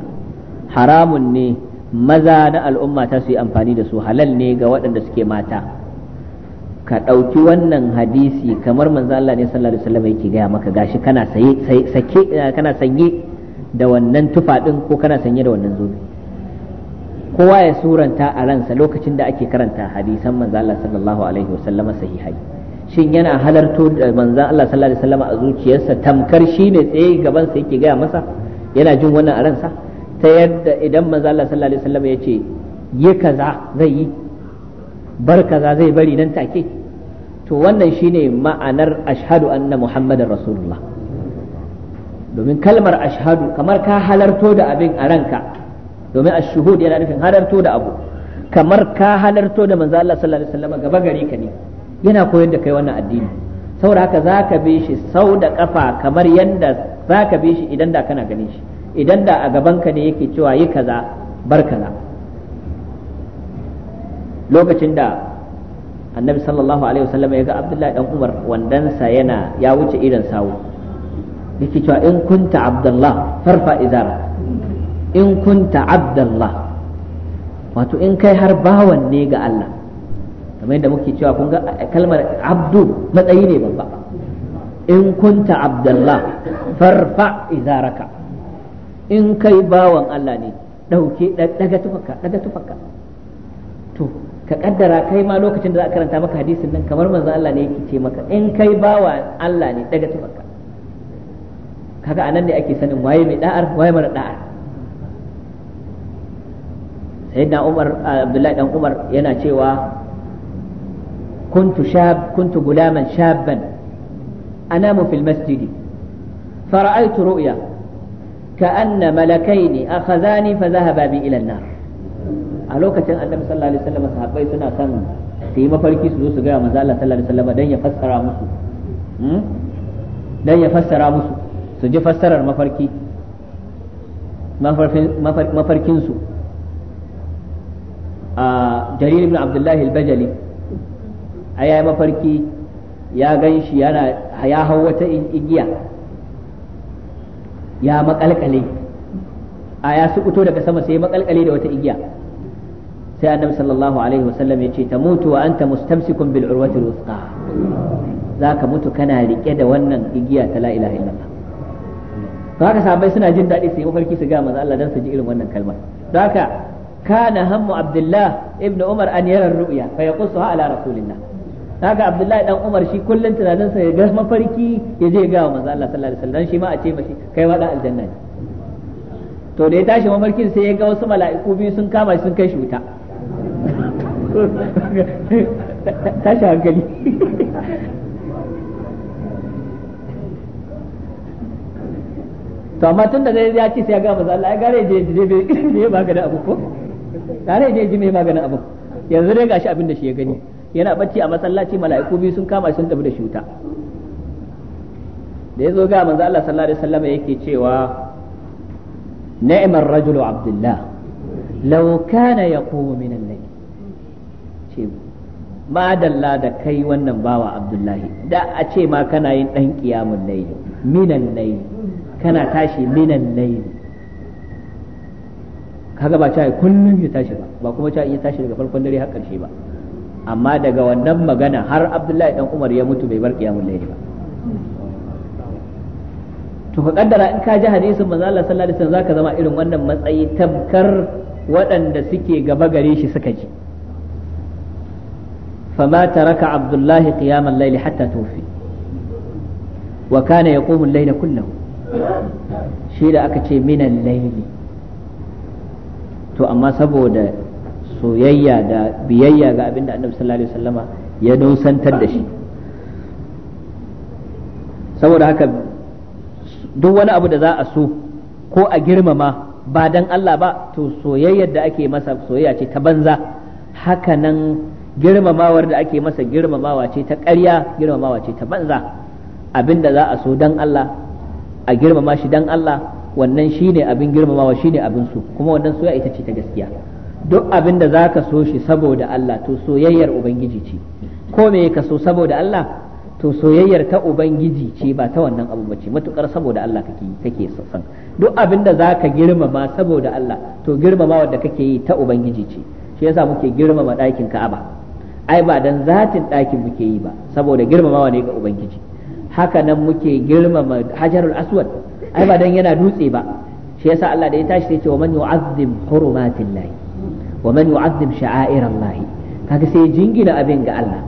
حرام ني maza na al'umma ta amfani da su halal ne ga waɗanda suke mata ka ɗauki wannan hadisi kamar manzo Allah ne sallallahu alaihi wasallam yake gaya maka gashi kana saye kana sanye da wannan tufa ɗin ko kana sanye da wannan zobe kowa ya suranta a ransa lokacin da ake karanta hadisan manzo Allah sallallahu alaihi wasallama sahihai shin yana halarto da manzo Allah sallallahu alaihi wasallama a zuciyarsa tamkar shine tsaye gaban sa yake gaya masa yana jin wannan a ransa ta yadda idan manzo Allah sallallahu alaihi wasallama yace yi kaza zai yi bar kaza zai bari nan take to wannan shine ma'anar ashhadu anna muhammadar rasulullah domin kalmar ashhadu kamar ka halarto da abin a ranka domin a shuhud yana nufin halarto da abu kamar ka halarto da manzo Allah sallallahu alaihi wasallam gaba gare ka ne yana koyar da kai wannan addini saboda haka zaka bi shi sau da kafa kamar yanda zaka bi shi idan da kana ganin shi idan da a gaban ka ne yake cewa yi kaza bar kaza lokacin da annabi sallallahu alaihi wasallam ya ga abdullahi dan umar wandansa yana ya wuce irin sawu yake cewa in kunta abdullah farfa izara in kunta abdallah wato in kai har bawan ne ga Allah kamar yadda muke cewa kun ga kalmar abdu matsayi ne babba in kunta abdallah farfa izaraka in kai bawan Allah ne dauke daga tufaka daga tufaka to ka kaddara kai ma lokacin da za a karanta maka hadisin nan kamar manzo Allah ne yake ce maka in kai bawan Allah ne daga tufaka kaga anan ne ake sanin waye mai da'ar waye mara da'ar sayyidina umar abdullahi dan umar yana cewa kuntu shab kuntu gulaman shabban anamu fil masjidi fara'aytu ru'ya كأن ملكين أخذاني فذهبا بي إلى النار a lokacin annabi sallallahu alaihi wasallam sahabbai suna son su yi mafarki su zo su ga manzo Allah sallallahu alaihi wasallam dan ya fassara musu hmm? su ji fassarar a jarir ibn abdullahi al-bajali a yayi mafarki ya gan ya hau wata igiya ya makalkale a ya sukuto daga sama sai makalkale da wata igiya sai annabi sallallahu alaihi wasallam ya ce ta mutu wa anta mustamsikun bil urwatil wuthqa zaka mutu kana rike da wannan igiya ta la ilaha illallah to haka sahabbai suna jin daɗi su yi mafarki su ga manzo Allah dan su ji irin wannan kalmar don haka kana hammu abdullah ibnu umar an yara ru'ya fa yaqussuha ala rasulillah haka abdullahi dan umar shi kullun tunanin sa ya ga mafarki ya je ga manzo Allah sallallahu alaihi wasallam shi ma a ce mashi kai wada aljanna ne to da ya tashi mafarkin sai ya ga wasu mala'iku biyu sun kama shi sun kai shi wuta tashi hankali to amma tun da zai ya ce sai ya ga manzo Allah ya gare je je ba ga da abu ko tare je ji mai maganin abin yanzu dai gashi abin da shi ya gani yana bacci a masallaci mala'iku biyu sun kama sun tafi da shi wuta da yazo ga manzo Allah sallallahu alaihi wasallam yake cewa ni'mar rajulu abdullah law kana yaqumu min al-layl ce ma dalla da kai wannan bawa abdullahi da a ce ma kana yin dan qiyamul layl min al-layl kana tashi min al-layl kaga ba ta kullum ya tashi ba ba kuma ta iya tashi daga farkon dare har karshe ba amma daga wannan magana har Abdullahi dan Umar ya mutu bai bar qiyamul layli ba to ka kaddara in ka ji hadisin manzo Allah sallallahu alaihi wasallam zaka zama irin wannan matsayi tabkar waɗanda suke gaba gare shi suka ji فما ترك عبد الله قيام الليل حتى توفي وكان يقوم الليل كله شيء أكتشي من الليل to amma saboda soyayya da biyayya ga abin da annabi sallallahu alaihi wasallama ya dausantar da shi saboda haka duk wani abu da za a so ko a girmama ba dan Allah ba to soyayyar da ake masa soyayya ce ta banza haka nan girmamawar da ake masa girmamawa ce ta ƙarya girmamawa ce ta banza abin da za a so dan Allah a girmama shi dan Allah wannan shine abin girmamawa ne abin so kuma wannan soya ita ce ta gaskiya duk abin da za ka so shi saboda Allah to soyayyar ubangiji ce ko me ka so saboda Allah to soyayyar ta ubangiji ce ba ta wannan abu ce. matukar saboda Allah kake kake son duk abin da za ka girmama saboda Allah to girmamawa da kake yi ta ubangiji ce shi yasa muke girmama ɗakin Ka'aba ai ba dan zatin ɗakin muke yi ba saboda girmamawa ne ga ubangiji haka nan muke girmama Hajarul Aswad ai ba dan yana dutse ba shi yasa Allah da ya tashi sai ce wa man yu'azzim hurumatillahi wa man yu'azzim sha'airallahi kaga sai jingina abin ga Allah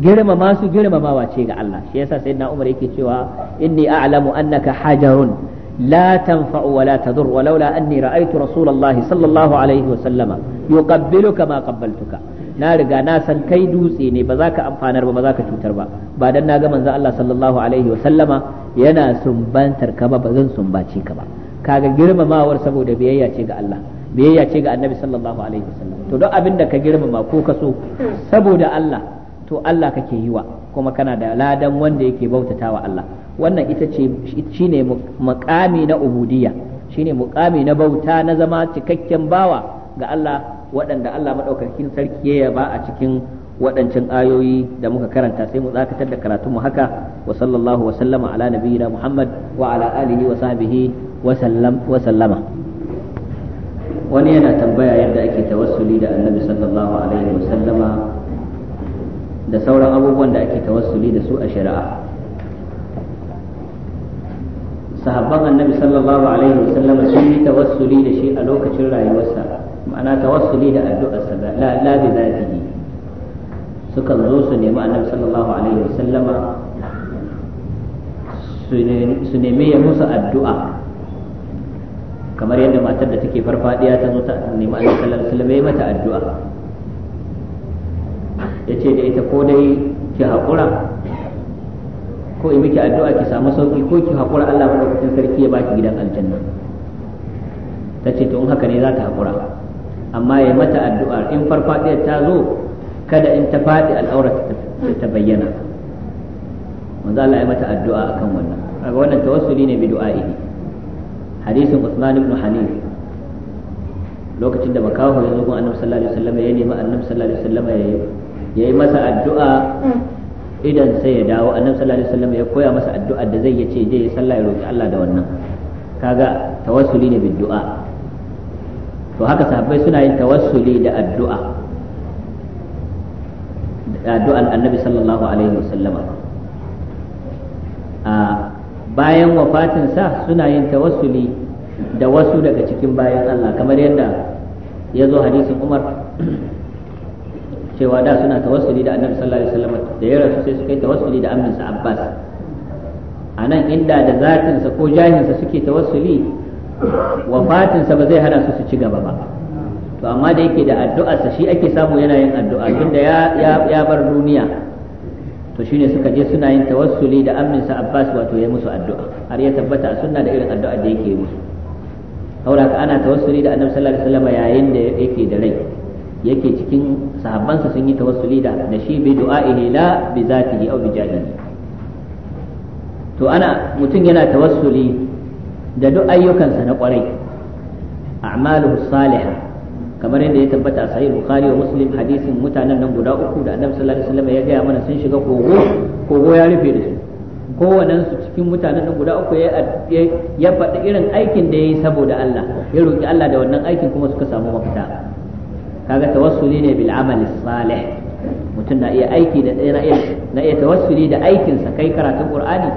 girmama su girmamawa ce ga Allah shi yasa sayyidina Umar yake cewa inni a'lamu annaka hajarun لا تنفع ولا تضر ولولا أني رأيت رسول الله صلى الله عليه وسلم يقبلك ma قبلتك na riga na san kai dutse ne ba za ka amfanar ba ba za ka cutar ba ba dan na ga manzo Allah sallallahu alaihi wa sallama yana sumbantar ka ba ba zan sumbace ka ba kaga girmamawar saboda biyayya ce ga Allah biyayya ce ga annabi sallallahu alaihi sallam to duk abin da ka girmama ko ka so saboda Allah to Allah kake yi wa kuma kana da ladan wanda yake bautatawa Allah wannan ita ce shine muqami na ubudiyya shine mukami na bauta na zama cikakken bawa ga Allah waɗanda Allah maɗaukakin sarki ya yaba a cikin waɗancan ayoyi da muka karanta sai mu dakatar da karatunmu haka wa sallallahu wa sallama ala nabiyyina Muhammad wa ala alihi wa sahbihi wa wa sallama wani yana tambaya yadda ake tawassuli da annabi sallallahu alaihi wa sallama da sauran abubuwan da ake tawassuli da su a shari'a sahabban annabi sallallahu alaihi wa sallama sun yi tawassuli da shi a lokacin rayuwarsa ma'ana tawassuli da addu'arsa la la bi zatihi sukan zo su nemi annabi sallallahu alaihi wasallama su nemi ya musu addu'a kamar yadda matar da take farfadiya ta zo ta nemi annabi sallallahu alaihi wasallam ya mata addu'a yace da ita ko dai ki haƙura ko in miki addu'a ki samu sauki ko ki haƙura Allah madaukakin sarki ya baki gidan aljanna ta ce to in haka ne za ta haƙura amma ya mata addu'a in farfadiyar ta zo kada in ta faɗi al'aura ta bayyana manzo Allah ya mata addu'a akan wannan kaga wannan tawassuli ne bi du'a du'a'ihi hadisin Uthman ibn Hanif lokacin da makaho ya zo gun Annabi sallallahu alaihi wasallam ya nemi Annabi sallallahu alaihi wasallam ya yi masa addu'a mm. idan sai ya dawo Annabi sallallahu alaihi wasallam ya koya masa addu'a da zai yace je ya sallah ya roki Allah da wannan kaga tawassuli ne bi du'a to haka sahabbai suna yin tawassuli da addu'a addu'an annabi sallallahu alaihi wasallama a bayan wafatinsa suna yin tawassuli da wasu daga cikin bayan Allah kamar yadda ya zo hadisin Umar cewa da suna tawassuli da annabi sallallahu alaihi wasallama da ya rasu sai suka yi tawassuli da aminsa Abbas a nan inda da zatinsa ko jahinsa suke tawassuli wafatinsa ba zai hana su su ci gaba ba to amma da yake da addu'arsa shi ake samu yana yin addu'a tunda ya ya bar duniya to shine suka je suna yin tawassuli da amminsa Abbas wato ya musu addu'a har ya tabbata a sunna da irin addu'a da yake musu haura ka ana tawassuli da Annabi sallallahu alaihi wasallam yayin da yake da rai yake cikin sahabbansa sun yi tawassuli da da shi bi du'a'ihi la bi zatihi aw bi jahihi to ana mutum yana tawassuli da duk ayyukansa na kwarai a'maluhu salihah kamar yadda ya tabbata a sahih bukhari wa muslim hadisin mutanen nan guda uku da annabi sallallahu alaihi wasallam ya gaya mana sun shiga kogo kogo ya rufe da su kowannen su cikin mutanen nan guda uku ya faɗi irin aikin da ya yi saboda Allah ya roki Allah da wannan aikin kuma suka samu mafita kaga tawassuli ne bil amali salih mutum na iya aiki da na iya tawassuli da aikinsa kai karatun qur'ani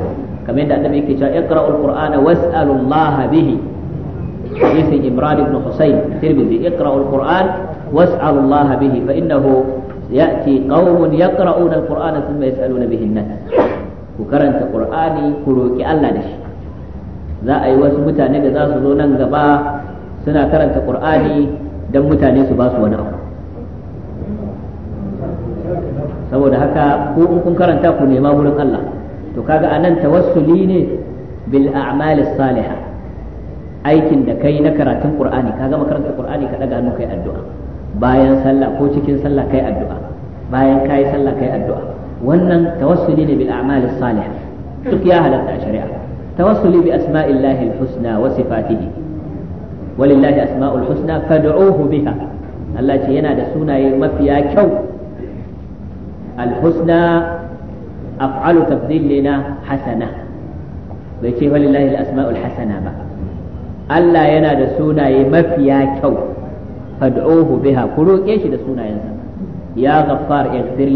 kamar yadda annabi yake cewa iqra'ul qur'ana was'alullaha bihi hadisin imran ibn husayn tirmidhi iqra'ul qur'an was'alullaha bihi fa innahu ya'ti qaumun yaqra'una al-qur'ana thumma yas'aluna bihi an-nas ku karanta qur'ani ku roki Allah da shi za a yi wasu mutane da za su zo nan gaba suna karanta qur'ani dan mutane su basu wani abu saboda haka ko in kun karanta ku nema wurin Allah to kaga anan tawassuli ne bil a'mal salihah aikin da kai na karatun qur'ani ka gama karanta qur'ani ka daga hannu kai addu'a bayan sallah ko cikin sallah kai addu'a bayan kai sallah kai addu'a wannan tawassuli ne bil a'mal salihah duk ya halatta a shari'a tawassuli bi asma'illahi al-husna wa sifatihi walillahi asma'ul husna fad'uhu biha Allah ce yana da sunaye mafiya kyau al-husna af'alu tafdil ne na hasana bai ce walillahi asmaul hasana ba Allah yana da sunaye mafiya kyau fad'uhu biha ku roƙe shi da sunayensa ya ghaffar ighfir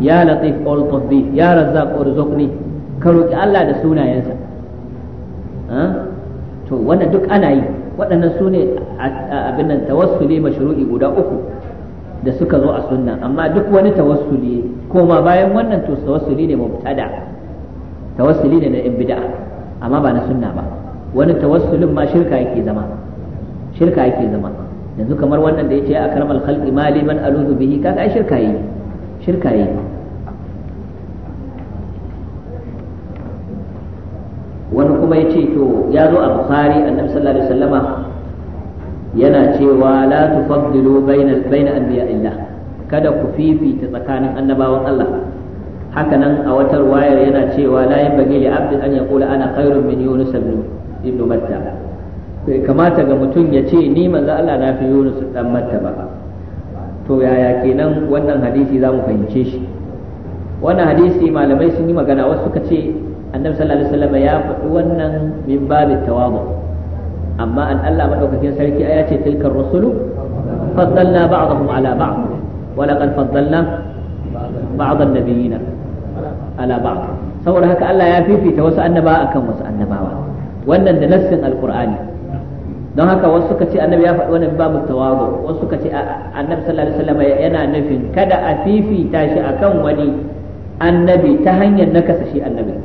ya latif ulqbi ya razzaq urzuqni ka roƙi Allah da sunayensa duk ana yi waɗannan su ne abin nan tawassuli guda uku da suka zo a sunna amma duk wani tawassuli koma bayan wannan to tawassuli ne mubtada tawassuli ne na bid'a amma ba na sunna ba wani tawassulin ma shirka yake zama shirka yake zama yanzu kamar wannan da yace a karmal khalqi mali man aludu bihi kaga ai shirka yi shirka yi wani kuma yace to ya zo a bukhari annabi sallallahu alaihi wasallama yana cewa la tufaddilu bainal baina anbiya kada ku fifita tsakanin annabawan Allah hakanan a watar wayar yana cewa la yanbaghi li abdin an yaqula ana khairun min yunus ibn matta bai kamata ga mutum ya ce ni manzo Allah na fi yunus dan matta ba to yaya kenan wannan hadisi za mu fahimce shi wannan hadisi malamai sun yi magana wasu suka ce annabi sallallahu alaihi wasallam ya faɗi wannan min babin tawadu amma an Allah madaukakin sarki ya ce tilkar rusulu faddalna ba'dahum ala ba'd wa laqad faddalna ba'd an-nabiyina ala ba'd saboda haka Allah ya fifita wasu annabawa akan wasu annabawa wannan da nassin alqur'ani don haka wasu suka ce annabi ya faɗi wannan babu tawago wasu suka ce annabi sallallahu alaihi wasallam yana nufin kada a fifita shi akan wani annabi ta hanyar nakasa shi annabi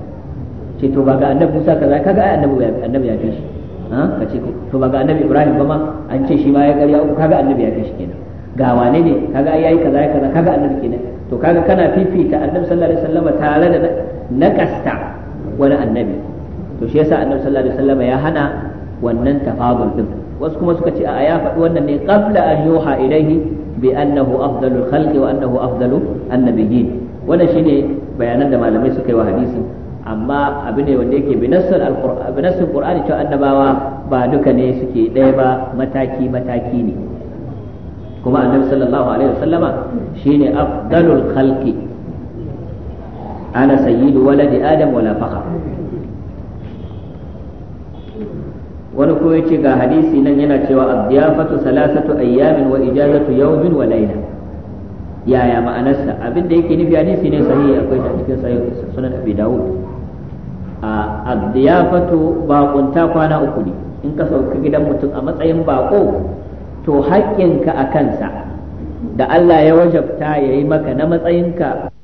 ce to ba ga annabi Musa kaza kaga ai annabi ya fi shi ha ka ce to ba ga annabi ibrahim ba ma an ce shi ma ya karya uku kaga annabi ya kai shi kenan ga wane ne kaga ai yayi kaza ya kaza kaga annabi kenan to kaga kana fifita annabi sallallahu alaihi wasallam tare da nakasta wani annabi to shi yasa annabi sallallahu alaihi wasallam ya hana wannan tafadul din wasu kuma suka ce a ya faɗi wannan ne qabla an yuha ilaihi bi annahu afdalul khalqi wa annahu afdalu annabiyyin wannan shine bayanan da malamai suka yi wa hadisi amma abu ne wanda yake binassul qur'ani cewa annabawa ba duka ne suke ɗaya ba mataki mataki ne kuma annabi sallallahu alaihi wasallama shine afdalul khalqi ana sayyidu waladi adam wala faqa wani ko yace ga hadisi nan yana cewa abdiyafatu salasatu ayyamin wa ijazatu yawmin wa layla yaya ma'anarsa abinda yake nufi hadisi ne sahihi akwai da cikin sahih sunan abi dawud a diyafatu baƙunta kwana uku ne in ka sauka gidan mutum a matsayin baƙo to haƙƙinka a kansa da Allah ya wajabta ya yi maka na matsayinka